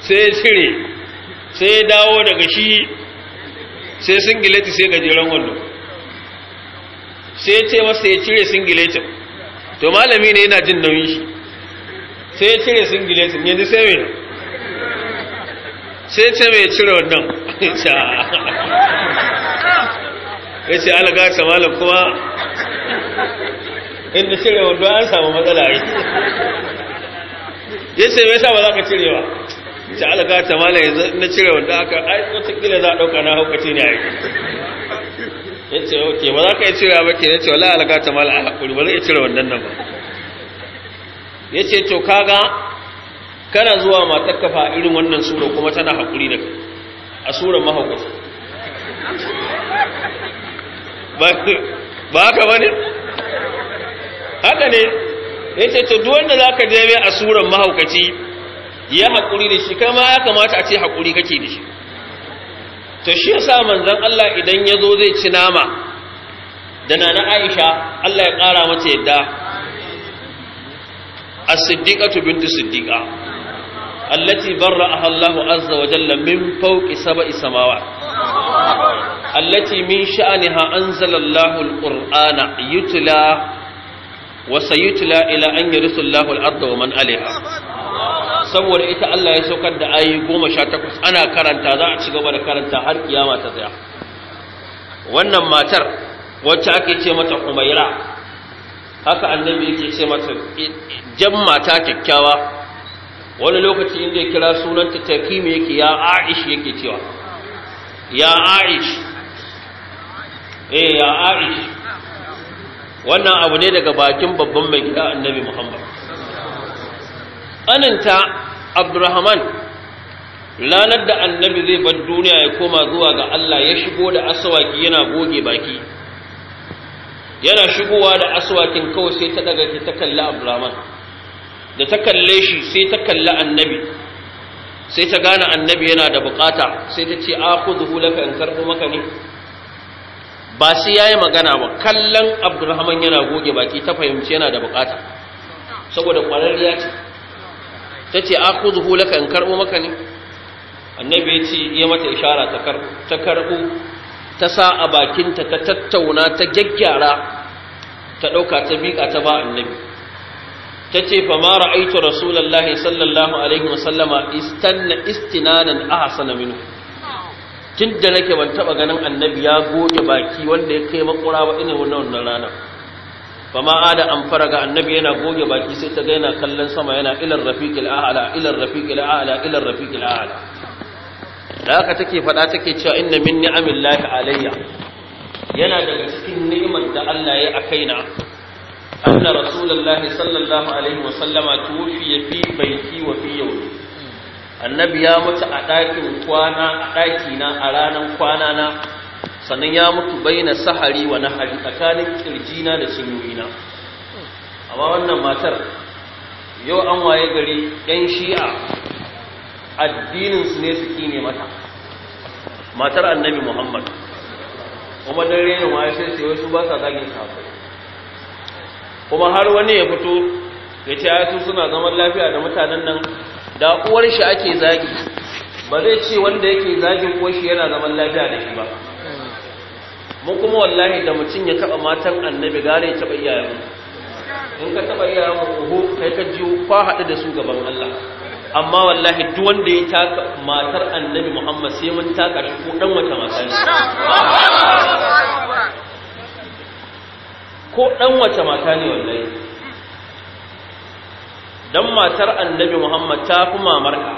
sai ya cire sai ya dawo daga shi sai singileti sai gajeren wando sai ya ce masa ya cire singiletin to malami ne yana jin nauyin shi sai ya cire singiletin yanzu sai mai sai ce mai cire wannan ya ce alaga gasa malam kuma inda cire wando an samu matsala yi ya ce mai sa ba za ka cire ba ta alaga ta malam yanzu na cire wando aka ai watakila za a ɗauka na haukaci ne a yi ya ce ok ba za ka yi cire ba ke ya ce wala alaga gasa malam a haƙuri ba zai cire wannan nan ba ya ce to kaga kana zuwa matar kafa irin wannan sura kuma tana hakuri da kai a suran mahaukaci ba haka ba ne? haka ne ya ce to duwanda za ka jami a suran mahaukaci ya hakuri da shi kama ya kamata a ce hakuri kake da shi to shi yasa manzon Allah idan ya zo zai ci nama da nana Aisha Allah ya ƙara mace yadda as-siddiqatu bintu Siddiƙa. Allaci barra'aha Allah azza wa jalla min fawqi sab'i samawat allati min sha'niha anzala Allah al-Qur'ana yutla ila an yurisu Allah al-ardha wa saboda ita Allah ya saukar da ayi 18 ana karanta za a ci gaba da karanta har kiyama ta tsaya wannan matar wacce ake ce mata Humaira haka annabi yake ce mata jan mata kyakkyawa wani lokaci inda ya kira sunanta takimi yake ya aish yake cewa ya aish eh ya aish wannan abu ne daga bakin babban mai gida annabi muhammad ananta abdurrahman ranar da annabi zai bar duniya ya koma zuwa ga allah ya shigo da asawaki yana goge baki yana shigowa da aswakin kawai sai ta daga ta kalli abdurrahman da ta kalle shi sai ta kalli annabi sai ta gane annabi yana da bukata sai ta ce akhudhu ah, laka in karbo maka ne ba sai yayi magana ba kallon abdurrahman yana goge baki ta fahimci yana da bukata saboda kwararriya ce tace akhudhu ah, laka in karbo maka ne annabi ya ce ya mata ishara ta karɓo, ta sa a bakinta ta tattauna ta gyaggyara ta dauka ta biƙa ta ba annabi tace fa ma ra'aytu rasulullahi sallallahu alaihi wasallama istanna istinanan ahsana minhu da nake ban taba ganin annabi ya goge baki wanda ya kai makura ba ina wannan rana fa ma ada an ga annabi yana goge baki sai ta ga yana kallon sama yana ilar rafiqil a'la ilar rafiqil a'la ilar rafiqil a'la da haka take fada take cewa inna min ni'amillahi alayya yana daga cikin ni'imar da Allah ya kaina. أن رسول الله صلى الله عليه وسلم توفي في بيتي وفي يومي annabi ya mutu a ɗakin kwana a ɗakina a ranar kwana na sannan ya mutu baina sahari wa nahari tsakanin kirjina da sinyoyina amma wannan matar yau an waye gari ɗan shi'a addininsu ne su ne mata matar annabi muhammad kuma dare ne waye sai sai wasu ba sa zagin kafin kuma har wani ya fito ya ce ayatu suna zaman lafiya da mutanen nan da uwar shi ake zagi ba zai ce wanda yake zagin uwar shi yana zaman lafiya da shi ba Mun kuma wallahi da mutum ya taba matan annabi gare ya taba iyayen in ka taba iyayen mu kai ka ji kwa haɗu da su gaban Allah amma wallahi duk wanda ya taka matar annabi Muhammad sai mun taka shi ko dan wata mata ko ɗan wace mata ne wallai? Don matar annabi muhammad ta fi mamarka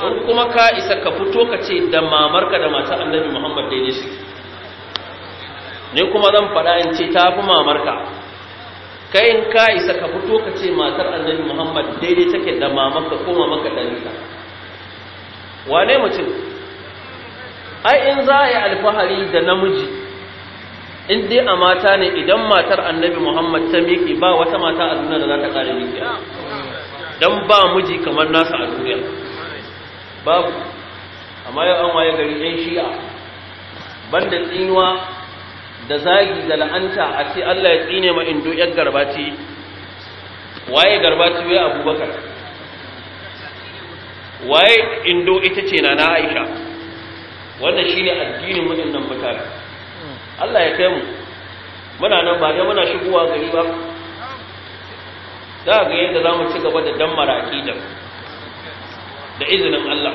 wani kuma ka isa ka fito ka ce da mamarka da matar annabi muhammad daidai su ne kuma zan faɗa in ce ta fi mamarka kayan in ka isa ka fito ka ce matar annabi muhammad daidai take da mamarka ko mamarka ɗanita wane mutum ai in za a yi alfahari da namiji in dai a mata ne idan matar annabi muhammad ta miki ba wata mata a duniya da za ta kare miki don ba miji kamar nasa a duniya babu amma yau an waye gari yan shi'a banda tsinuwa da zagi da la'anta a ce allah ya tsine ma indo yar garbati waye garbati waye abubakar waye indo ita ce na na aisha wannan shine addinin waɗannan mutane Allah ya kai mu muna nan ba dai muna shigowa gari ba za ga yadda za mu ci gaba da dan maraki da da izinin Allah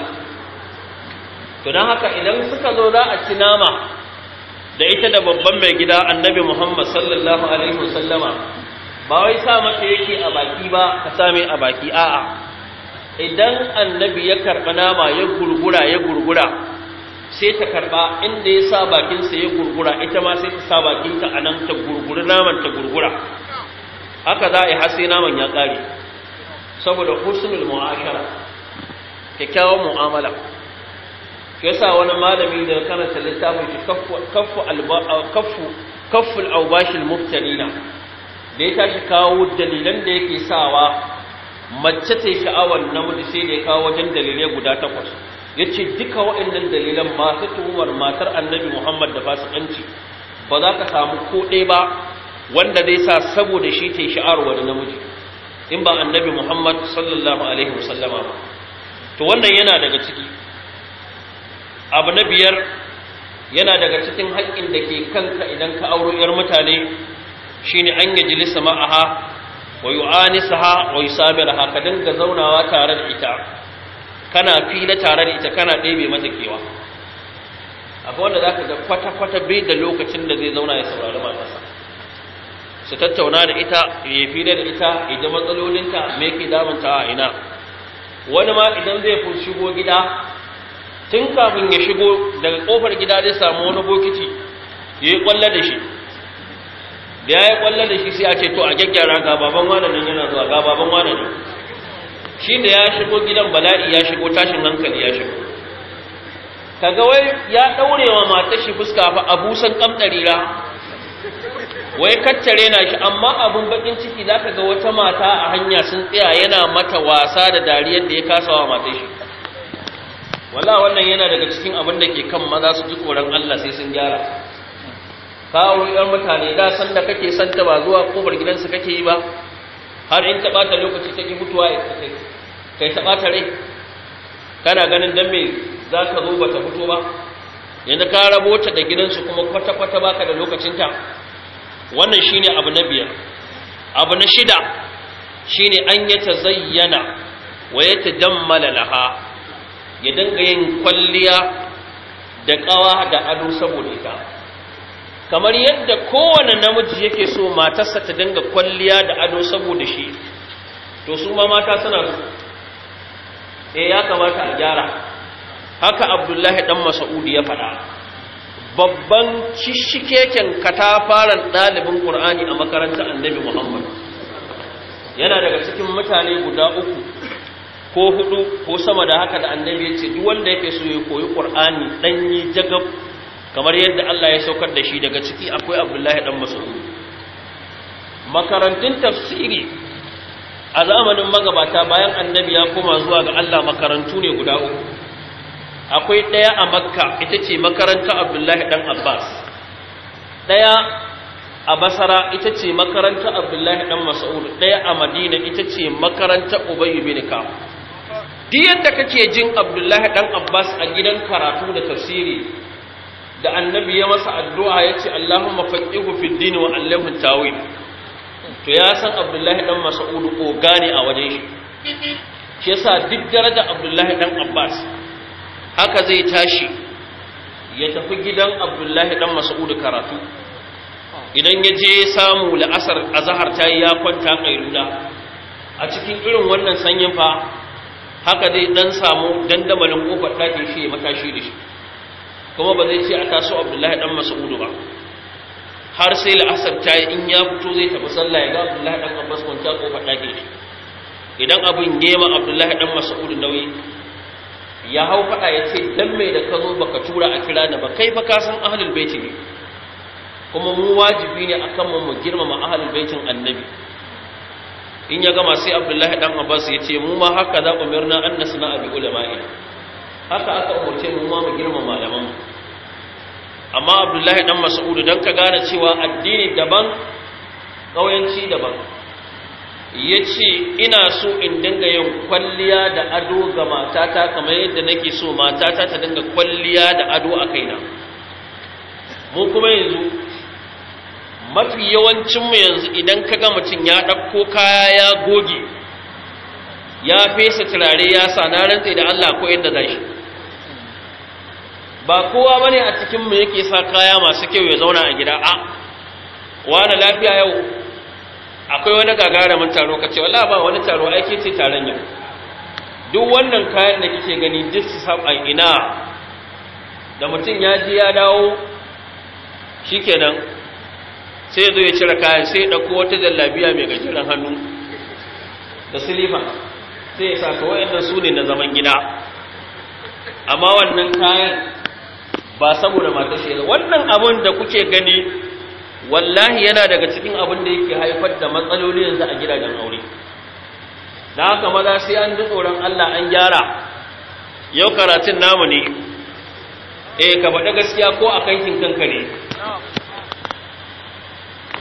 to don haka idan suka zo za a ci nama da ita da babban mai gida annabi Muhammad sallallahu alaihi wasallama ba wai sa mata yake a baki ba ka same a baki a'a idan annabi ya karɓa nama ya gurgura ya gurgura sai ta karba inda ya sa bakinsa ya gurgura ita ma sai ta sa bakinta a nan ta gurgura naman ta gurgura haka za a yi sai naman ya ƙare saboda husnul mu'ashara kyakkyawan mu'amala ke sa wani malami da karanta littafin shi kaffu kaffu al'aubashin muftarina da ya tashi kawo dalilan da yake sawa mace ta yi sha'awar namiji sai da ya kawo wajen dalilai guda takwas Ya ce duka waɗannan dalilan masu tuhumar matar annabi Muhammad da fasikanci ba za ka samu ko ɗaya ba wanda zai sa saboda shi ta yi sha'arwa da namiji in ba annabi Muhammad sallallahu alaihi wasallama ba to wannan yana daga ciki abu na biyar yana daga cikin haƙƙin da ke kanka idan ka auro yar mutane shine an jilisa ma'aha wa yu'anisaha wa yusamiraha ka dinga zaunawa tare da ita kana fila tare da ita kana ɗebe mata kewa akwai wanda za ka ga kwata-kwata bai da lokacin da zai zauna ya saurari matarsa su tattauna da ita ya fi da ita idan matsalolinta mai ke damunta a ina wani ma idan zai fi shigo gida tun kafin ya shigo daga kofar gida zai samu wani bokiti ya yi kwallo da shi da ya yi kwallo da shi sai a ce to a gyaggyara ga baban wani nan yana zuwa ga baban wani nan shi da ya shigo gidan bala'i ya shigo tashin hankali ya shigo kaga wai ya daurewa wa matar shi fuska fa abusan kamtarira wai kattare na shi amma abun bakin ciki zaka ga wata mata a hanya sun tsaya yana mata wasa da dariyar da ya kasa wa matar shi wala wannan yana daga cikin abin da ke kan maza su ji koran Allah sai sun gyara ka auri mutane da san da kake santa ba zuwa kofar gidansa kake yi ba har in ta ɓata lokaci ta ƙi mutuwa ya kai ta rai kana ganin dan me za ka zo ba ta mutu ba yanzu ka rabo ta da gidansu kuma kwata-kwata baka da lokacinta wannan shine abu na biyar abu na shida shine an ya zayyana wa ya tadammala laha ya dinga yin kwalliya da ƙawa da ado saboda ita kamar yadda kowane namiji yake so matarsa ta dinga kwalliya da ado saboda shi to su ma mata suna e ya kamata a gyara haka abdullahi dan mas'udi ya faɗa babban kishikeken katafaren ɗalibin ƙur'ani a makaranta annabi muhammad yana daga cikin mutane guda uku ko hudu ko sama da haka da annabi ya ce duk wanda yake so ya koyi ƙur'ani ɗanyi jagab kamar yadda Allah ya saukar da shi daga ciki akwai abdullahi dan mas'ud makarantun tafsiri a zamanin magabata bayan annabi ya koma zuwa ga Allah makarantu ne guda uku akwai ɗaya a makka ita ce makaranta abdullahi dan abbas ɗaya a basara ita ce makaranta abdullahi ɗan mas'ud ɗaya a madina ita ce makaranta ubayy bin ka'ab duk yadda kake jin abdullahi ɗan abbas a gidan karatu da tafsiri da annabi ya masa addu'a ya ce Allahumma faqihu fi dini wa allahu tawil to ya san Abdullahi dan Mas'ud ko gane a wajen shi shi yasa duk daraja Abdullahi ɗan Abbas haka zai tashi ya tafi gidan Abdullahi dan Mas'ud karatu idan ya je samu la'asar azhar tayi ya kwanta kairula a cikin irin wannan sanyin fa haka dai dan samu dandamalin kofar ɗakin shi ya matashi da shi kuma ba zai ce a kaso abdullahi dan mas'udu ba har sai la'asar ta yi in ya fito zai tafi sallah ya ga abdullahi dan abbas kwanciya ko fada ke idan abin nema abdullahi dan mas'udu nauyi ya hau faɗa ya ce dan mai da ka zo baka tura a kira da ba kai fa ka san ahlul baiti ne kuma mu wajibi ne akan mu girmama ahlul baitin annabi in ya gama sai abdullahi dan abbas ya ce mu ma haka za ku mirna annasna abi ulama'ina haka aka umarce mu ma mu girma malaman amma abdullahi dan mas'ud dan ka gane cewa addini daban kauyanci daban yace ina so in dinga yin kwalliya da ado ga matata kamar yadda nake so matata ta dinga kwalliya da ado a kaina mu kuma yanzu mafi yawancin mu yanzu idan kaga mutum ya ɗauko kaya ya goge ya fesa turare ya sa na rantse da Allah ko yadda zai shi ba kowa bane a cikin mu yake sa kaya masu kyau ya zauna a gida a wani lafiya yau akwai wani gagarumin taro kace wallahi ba wani taro aiki ce taron yau duk wannan kayan da kike gani duk su an ina da mutum ya ji ya dawo shikenan sai zo ya cire kayan sai ya dauko wata jallabiya mai gajeren hannu da silifa sai ya saka wayannan su ne na zaman gida amma wannan kayan ba saboda matar shi wannan abin da kuke gani wallahi yana daga cikin abin da yake haifar da matsaloli yanzu a gidajen aure da haka maza sai an ji tsoron Allah an gyara yau karatun namu ne eh ka faɗa gaskiya ko a kankin kanka ne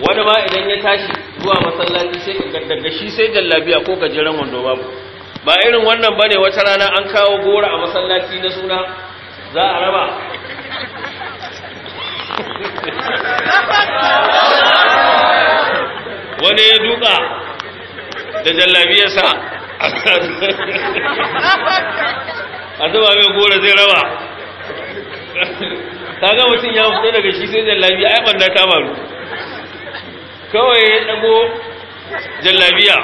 wani ma idan ya tashi zuwa masallaci sai ka daga shi sai jallabiya ko gajeren wando babu ba irin wannan bane wata rana an kawo gora a masallaci na suna za a raba wani ya duka da jallabiyarsa a zuba mai gora zai raba ga mutum ya fito daga shi sai jallabiya ai banda ta maru kawai ya dago jallabiya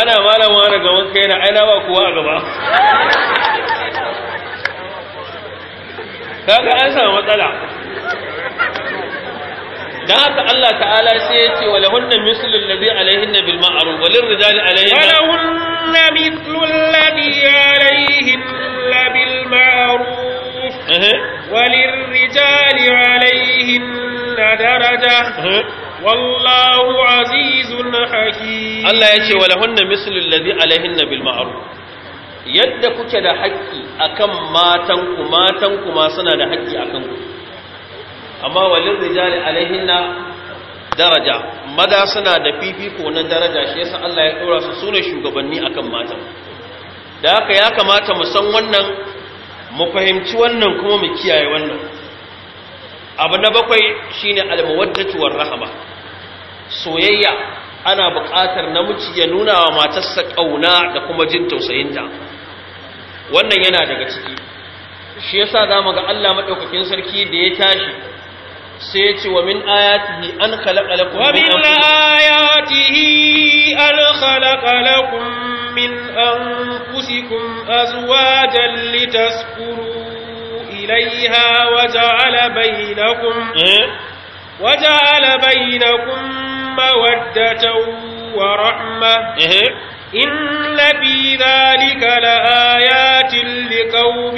ana malama daga wanka yana aina ba kowa a gaba kaga an samu matsala dan haka Allah ta'ala sai ya ce wa lahunna mislu alladhi alaihinna bil ma'ruf wa lirrijali alaihinna wa lahunna mislu alladhi alaihinna bil ma'ruf wa lirrijali alaihinna daraja wallahu azizun hakim Allah ya ce wa lahunna mislu alladhi alaihinna bil ma'ruf yadda kuke da haƙƙi akan matanku matanku ma suna da haƙƙi akan ku amma walin rijali alaihinna daraja maza suna da fifiko na daraja shi yasa Allah ya ɗora su sune shugabanni akan matan da haka ya kamata mu san wannan mu fahimci wannan kuma mu kiyaye wannan abu na bakwai shine almuwaddatu rahama. soyayya ana buƙatar namiji ya nuna wa matarsa ƙauna da kuma jin tausayinta wannan yana daga ciki shi yasa zamu ga Allah madaukakin sarki da ya tashi sai ya ce wa min ayatihi an khalaqa lakum wa min ayatihi an khalaqa lakum min anfusikum azwajan litaskunu ilayha wa ja'ala bainakum eh? wa ja'ala bainakum mawaddatan wa rahmah eh? إن في ذلك لآيات لقوم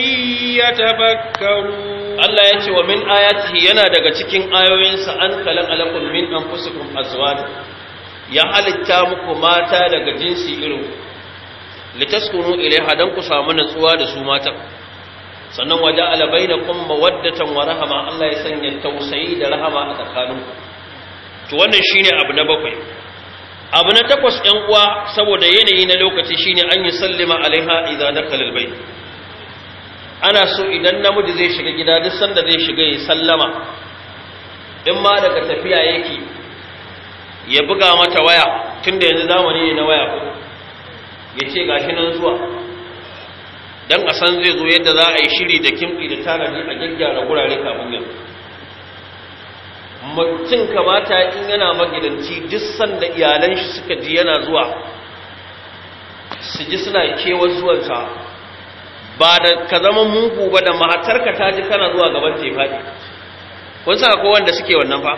يتفكرون Allah ya ce wa min ayatihi yana daga cikin ayoyinsa an kalan alakum min anfusikum azwaj ya halitta muku mata daga jinsi irin litaskunu ilaiha dan ku samu natsuwa da su mata. sannan waje alabai da kuma mawaddatan wa rahama Allah ya sanya tausayi da rahama a tsakaninku to wannan shine abu na bakwai abu na takwas ‘yan uwa saboda yanayi na lokaci shine an yi sallima alaiha idan na kalalbai ana so idan namiji zai shiga gida duk sanda zai shiga ya sallama in ma daga tafiya yake ya buga mata waya tun da yanzu zamani ne na waya ko ya ce gashi nan zuwa don a san zai zo yadda za a yi shiri da kimɗi da tanadi a gyaggyara gurare kafin yanzu mutum kamata in yana magidanci duk sanda iyalan shi suka ji yana zuwa su ji suna kewar zuwansa ba da ka zama mugu ba da matarka ta ji kana zuwa gaban tefaɗi kun sa kowa da suke wannan fa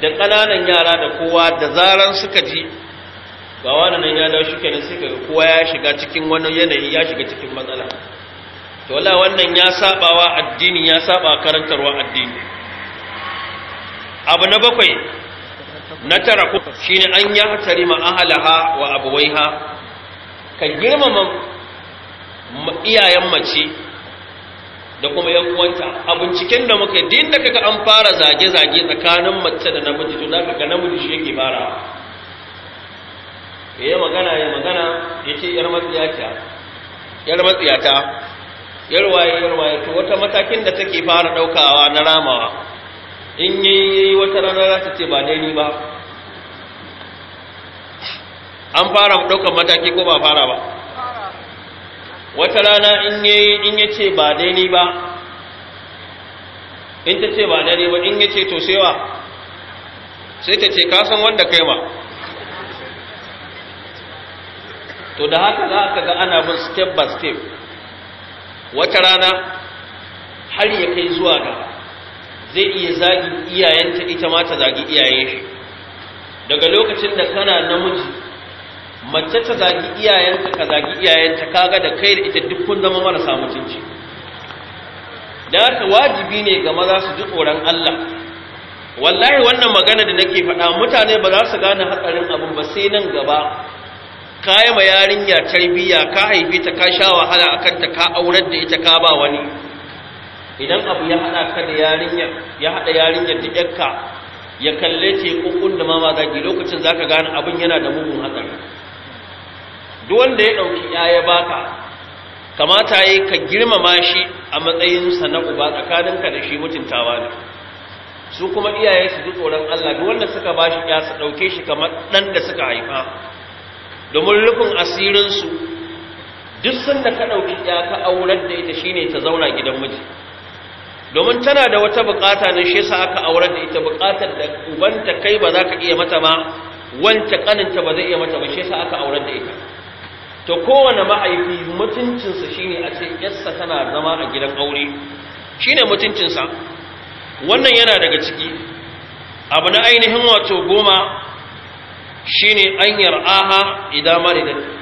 da ƙananan yara da kowa da zaran suka ji ga wani nan ya dawo shi kenan sai kaga kowa ya shiga cikin wani yanayi ya shiga cikin matsala to wallahi wannan ya sabawa addini ya saba karantarwa addini abu na bakwai na tara ku ne an ya hatari ma ahalaha wa ha? ka girmama iyayen mace da kuma yan uwanta a binciken da muka din da kaga an fara zage-zage tsakanin mace da namiji to zaka ga namiji shi yake fara yayi magana yayi magana yace yar matsiyata yar matsiyata yarwaye yarwaye to wata matakin da take fara daukawa na ramawa in yi wata rana za ta ce ba daini ba an fara ɗaukar mataki ko ba fara ba wata rana in yi ya ce ba daini ba in ta ce ba daini ba in ya ce to sewa sai ta ce kasan wanda kai ma to da haka za ka ga ana bin step by step wata rana har ya kai zuwa gaba zai iya zagi iyayenta ita ma ta zagi iyayen shi daga lokacin da kana namiji mace ta zagi iyayenta ka zagi iyayenta kaga da kai da ita duk kun zama marasa mutunci dan haka wajibi ne ga maza su ji tsoron Allah wallahi wannan magana da nake faɗa mutane ba za su gane hatsarin abin ba sai nan gaba ka yi ma yarinya tarbiyya ka haife ta ka sha wahala akan ta ka aurar da ita ka ba wani idan abu ya hada ka da yarinyar ya hada yarinyar da yakka ya kalle ce kokun da mama zagi lokacin zaka gane abin yana da mugun hatsari duk wanda ya dauki yaya baka kamata yi ka girmama shi a matsayinsa na uba tsakaninka da shi mutuntawa ne su kuma iyaye su ji tsoron Allah duk wanda suka ba shi ya su ɗauke shi kamar ɗan da suka haifa domin rufin asirinsu duk sanda ka ɗauki ya ka aurar da ita shine ta zauna gidan miji domin tana da wata bukata ne shi yasa aka aure da ita bukatar da ubanta kai ba za ka iya mata ba wanta kaninta ba zai iya mata ba shi yasa aka aure da ita to kowane mahaifi mutuncinsa shine a ce yarsa tana zama a gidan aure shine mutuncinsa wannan yana daga ciki abu na ainihin wato goma shine an yar'aha idan da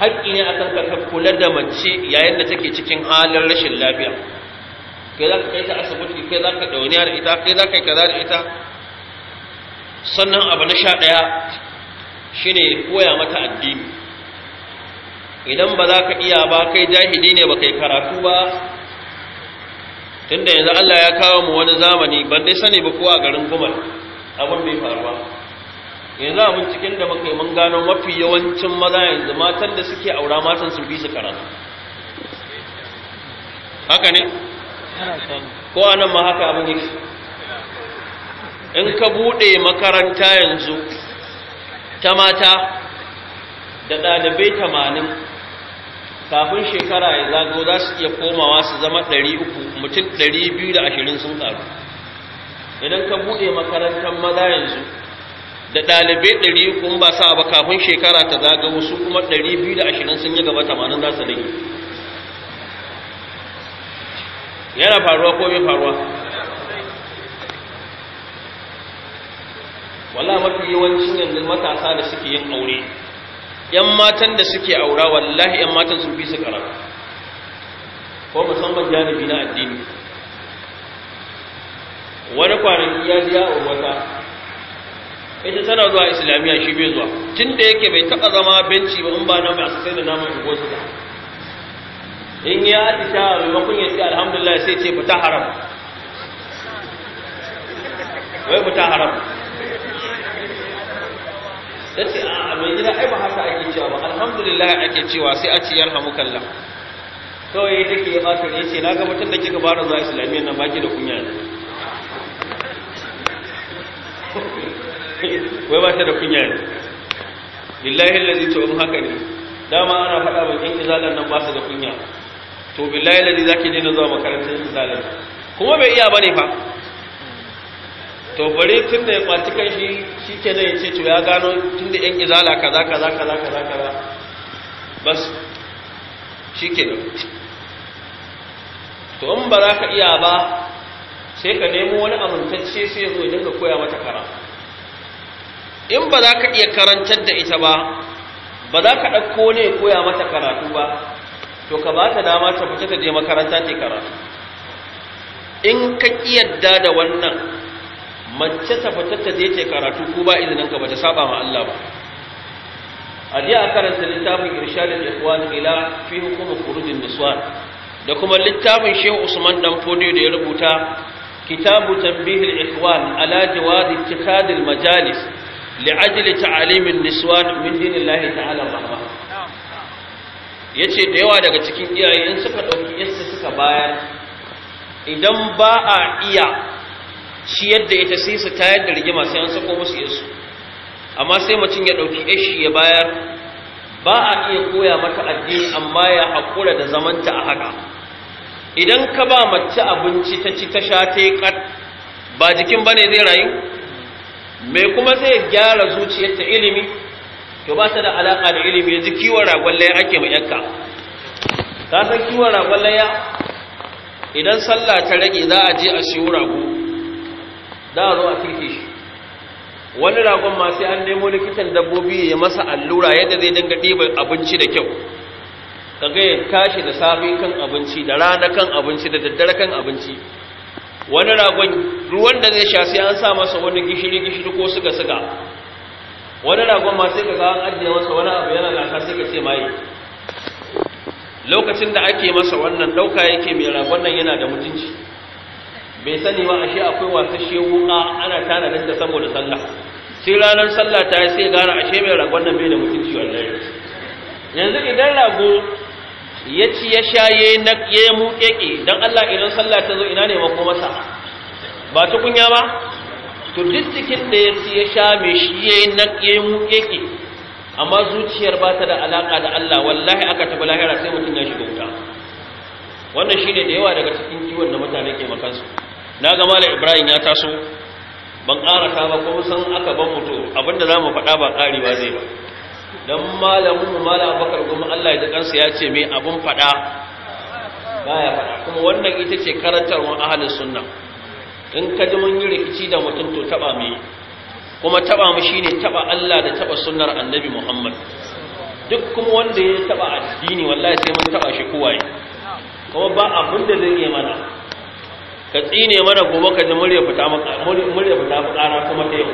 haƙƙi ne akan ka kula da mace yayin da take cikin halin rashin lafiya kai za ka kai ta asibiti kai za ka ɗauniya da ita kai za ka yi kaza da ita sannan abu na sha ɗaya shi ne koya mata addini idan ba za ka iya ba kai jahidi ne ba kai karatu ba tunda yanzu Allah ya kawo mu wani zamani ban dai sani ba kowa garin kuma abin bai faruwa yanzu abin cikin da muka mun gano mafi yawancin maza yanzu matan da suke aura matan sun bi su karatu haka ne ko anan ma haka abin yake in ka bude makaranta yanzu ta mata da ɗalibai tamanin kafin shekara ya zago za su iya komawa su zama ɗari uku mutum ɗari biyu da ashirin sun ƙaru idan ka bude makarantar maza yanzu da ɗalibai ɗari uku ba sa ba kafin shekara ta zaga su kuma ɗari biyu da ashirin sun yi gaba tamanin za su rage yana faruwa ko bai faruwa wala mafi yawancin yanzu matasa da suke yin aure yan matan da suke aura wallahi yan matan sun fi su karatu ko musamman jami'i na addini wani kwanaki ya ji ya wata ita tana zuwa islamiyya shi bai zuwa tun da yake bai taɓa zama benci ba in ba na mai sai da naman ba in ya atisha maimakon ya ce alhamdulillah sai ce fita haram wai fita haram sai ce a mai gida ai ba haka ake cewa ba alhamdulillah ake cewa sai a hamu kalla kawai ya take ya bata ne ce na ga mutum da kika bara zuwa islamiyyar nan baki da kunya ne wai ba ta da kunya ne lillahi lalzi to in haka ne dama ana faɗa bakin izalar nan ba su da kunya to billahi Ladi zaki daina zuwa makarantar zalim kuma bai iya bane fa to bare tun da ya kwaci kan shi shi ke ya ce to ya gano tun da yan izala kaza kaza kaza kaza kaza bas shi ke nan to in ba za ka iya ba sai ka nemo wani amintacce sai zo dinga koya mata kara in ba za ka iya karantar da ita ba ba za ka ɗauko ne koya mata karatu ba to ka ba ta dama ta fita ta je makaranta ta karatu in ka kiyarda da wannan mace ta fita ta je ta karatu ko ba izinin ka ba ta saba ma Allah ba a jiya a karanta littafin irshadul ikhwan ila fi hukum khurujin niswan da kuma littafin Shehu Usman dan Fodio da ya rubuta kitabu tanbihil ikhwan ala jawaz ittikhadil majalis لعجل تعليم النسوان من دين الله تعالى الرحمن ya ce da yawa daga cikin iyaye in suka ɗauki yadda suka bayar idan ba a iya shi yadda ita sai su tayar da rigima sai an sako musu yasu amma sai mutum ya ɗauki shi ya bayar ba a iya koya mata addini amma ya haƙura da zamanta a haka idan ka ba mace abinci ta ci ta sha ta yi ba jikin ba ne zai rayu mai kuma zai gyara zuciyarta ilimi to ba ta da alaka da ilimi yanzu kiwon ragon laya ake mai yanka ka san kiwon ragon laya idan sallah ta rage za a je a siyo rago za a zo a kirke shi wani ragon masu sai an nemo likitan dabbobi ya masa allura yadda zai dinga ɗiba abinci da kyau kaga ya tashi da safe kan abinci da rana kan abinci da daddare kan abinci wani ragon ruwan da zai sha sai an sa masa wani gishiri gishiri ko suga suga wani ragon ma sai ka ga an ajiye masa wani abu yana gasa sai ka ce mai lokacin da ake masa wannan dauka yake mai ragon nan yana da mutunci bai sani ba ashe akwai wasa a ana tanadin da saboda sallah sai ranar sallah ta sai gara ashe mai ragon nan bai da mutunci wallahi yanzu idan rago ya ci ya sha ya yi muƙeƙe don Allah idan sallah ta zo ina ne mako masa ba tukunya ba to duk da ya ci ya sha mai shi ya yi nan ya yi amma zuciyar ba ta da alaƙa da Allah wallahi aka tafi lahira sai mutum ya shiga wuta wannan shi ne da yawa daga cikin kiwon da mutane ke makansu na ga malam ibrahim ya taso ban ƙarasa ba ko san aka ban mutu abinda za mu faɗa ba ƙari ba zai ba don malamin mu malam abubakar kuma Allah ya ji kansa ya ce mai abin faɗa baya faɗa kuma wannan ita ce karantarwar ahalin sunna in ka ji mun yi rikici da mutum to taba mu kuma taba mu shine taba Allah da taba sunnar annabi Muhammad duk kuma wanda ya taba addini wallahi sai mun taba shi kowa kuma ba abin da zai yi mana ka tsine mana gobe ka ji murya fita maka murya fita fara kuma ta yau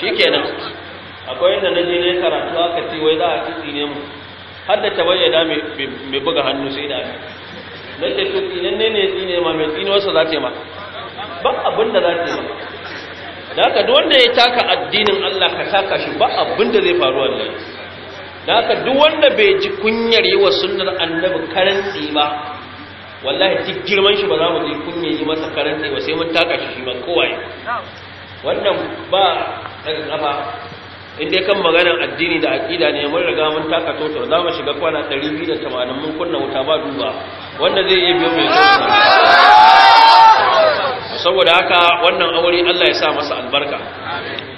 shikenan akwai inda naje ne karatu aka ce wai za a tsine mu har da ta bayyana mai buga hannu sai da na ce to nan ne ne tsine ma mai tsine wasa za ta yi maka ba abin za ta yi da haka duk wanda ya taka addinin Allah ka taka shi ba abin zai faru wannan da haka duk wanda bai ji kunyar yi wa sunnar annabi karantsi ba wallahi duk girman shi ba za mu ji kunya yi masa karantsi ba sai mun taka shi shi ba kowai. wannan ba daga ƙafa, in dai kan maganar addini da aƙida ne mun riga mun taka toto za mu shiga kwana 280 mun kunna wuta ba duba wanda zai iya biyo mai zuwa saboda haka wannan aure Allah ya sa masa albarka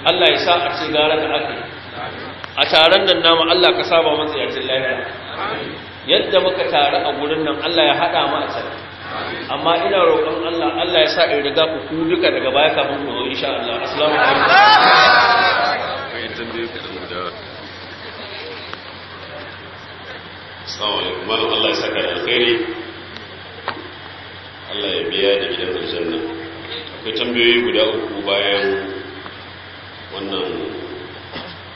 Allah ya sa a ce gara da ake a taron nan namu Allah ka saba masa yacin lafiya yadda muka taru a gurin nan Allah ya haɗa mu a can amma ina roƙon Allah Allah ya sa in riga ku ku duka daga baya kafin ku zo insha Allah assalamu alaikum Assalamu alaikum malam Allah ya saka da alkhairi Allah ya biya da gidan aljanna akwai tambayoyi guda uku bayan wannan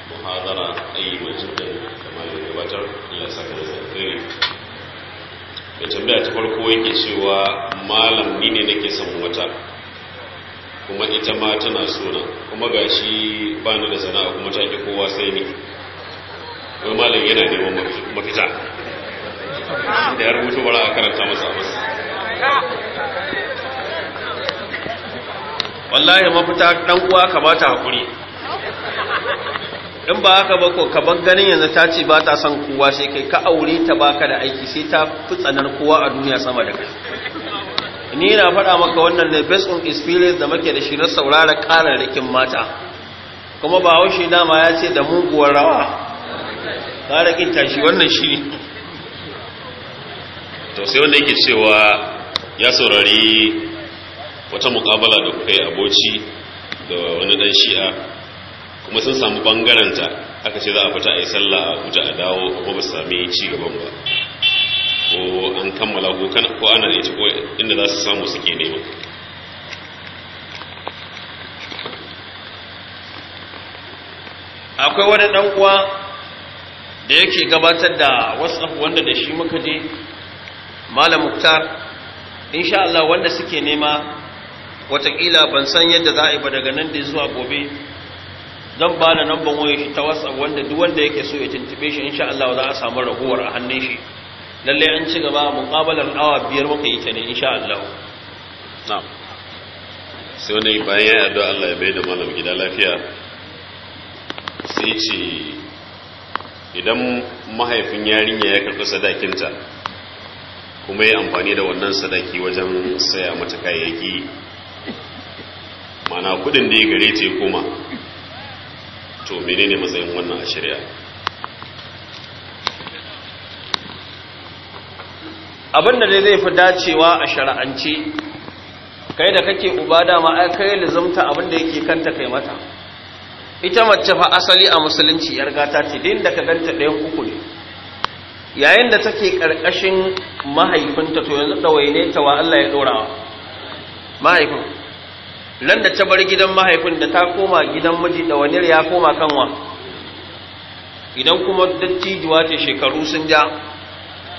muhazara ayi mai cikin kamar da gabatar Allah da tsakiri mai tambaya ta farko yake cewa malam ni ne nake son wata kuma ita ma tana suna kuma gashi ba ni da sana'a kuma ta ki kowa sai ni wani malam yana neman mafita da ya rubuta bara a karanta masa masa wallahi mafita dan uwa ka bata hakuri in ba haka ba ko ka ban ganin yanzu ta ce ba ta son kowa sai kai ka aure ta baka da aiki sai ta fi tsanar kowa a duniya sama da kai ni na faɗa maka wannan ne based on experience da muke da shi na saurara rikin mata kuma ba haushe dama ya ce da muguwar rawa ƙararrakin tashi wannan shi to sai wanda yake cewa ya saurari wata mukabala da kuka yi aboci da wani dan shi'a kuma sun samu bangaranta aka ce za a fita a yi sallah a huta a dawo kuma ba su sami ci gaban ba ko an kammala ko ana ne ita ko inda za su samu suke nema akwai wani dan uwa da yake gabatar da whatsapp wanda da shi muka je malam muktar insha Allah wanda suke nema watakila ban san yadda za a yi ba daga nan da zuwa gobe zan ba da namban waye shi ta whatsapp wanda duk wanda yake so ya tuntube shi insha Allah za a samu raguwar a hannun shi lalle an ci gaba muqabalar awa biyar muka yi ta ne insha Allah na'am sai wani bayan ya addu'a Allah ya bai da malam gida lafiya sai ce idan mahaifin yarinya ya karɓi sadakinta kuma ya amfani da wannan sadaki wajen saya mata kayayyaki mana kudin da ya gare ce kuma to to menene matsayin wannan a shari'a abinda dai zai fi dacewa a shari'ance kai da kake uba dama ai kai lizumta abinda yake kanta kai mata ita mace fa asali a musulunci yar gata ce din da ka ganta ɗayan uku ne yayin da take ƙarƙashin mahaifinta to yanzu ɗawaine ta wa Allah ya ɗorawa mahaifin Landa ta bar gidan mahaifin da ta koma gidan miji wani ya koma kanwa idan kuma dattijuwa ce shekaru sun ja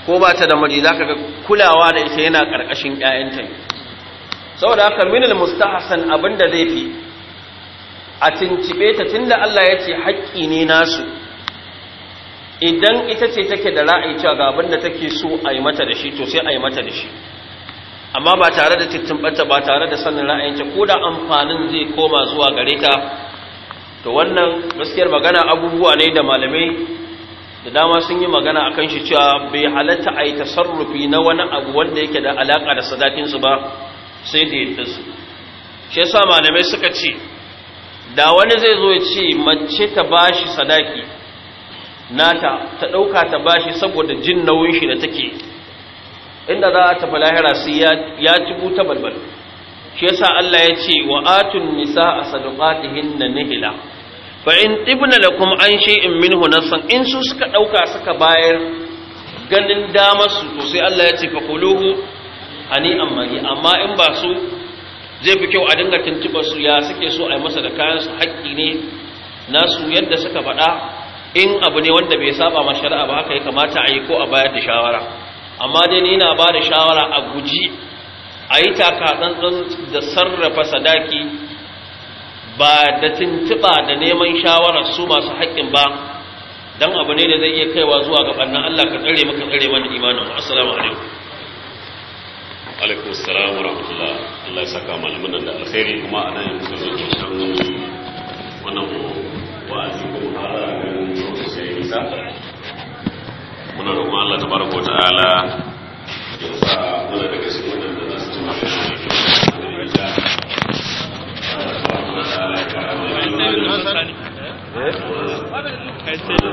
ko ba ta da miji za ka ga kulawa da ita yana ƙarƙashin ‘ya'yanta saboda haka minal mustahsan abin da zai fi a tuntube ta tun Allah ya ce haƙƙi ne nasu idan ita ce take da ra'ayi cewa ga abin da take so a yi mata da shi to sai a yi mata da shi amma ba tare da ɓata ba tare da sanin ra'ayinta ko da amfanin zai koma zuwa gare ta to wannan gaskiyar magana abubuwa ne da malamai da dama sun yi magana akan shi cewa bai halatta a yi tasarrufi na wani abu wanda yake da alaƙa da sadakinsu ba sai da yadda su shi yasa malamai suka ce da wani zai zo ya ce mace ta bashi sadaki nata ta ɗauka ta bashi saboda jin nauyin shi da take inda za a tafi lahira sai ya ci buta balbal shi yasa Allah ya ce wa atun nisa a sadaqatihin na nihila fa in tibna lakum an shay'in minhu nasan in su suka dauka suka bayar ganin damar su to sai Allah ya ce fa quluhu ani amma amma in ba su zai fi kyau a dinga tuntuba su ya suke so a yi masa da kayan su haƙƙi ne nasu yadda suka faɗa in abu ne wanda bai saba ma shari'a ba haka ya kamata a yi ko a bayar da shawara amma dai ni na ba da shawara a guji a yi taka tsantsan da sarrafa sadaki ba da tuntuɓa da neman shawarar su masu haƙƙin ba don abu ne da zai iya kaiwa zuwa ga ɓannan Allah ka tsare maka tsare mana imanin mu assalamu alaikum alaikum assalam wa rahmatullah Allah ya saka malamin da alkhairi kuma a nan yanzu zai shan wannan wa'azi ko muhara ganin sosai nisa muna roƙon Allah tabaraka wa ta'ala ya sa muna daga cikin za su ya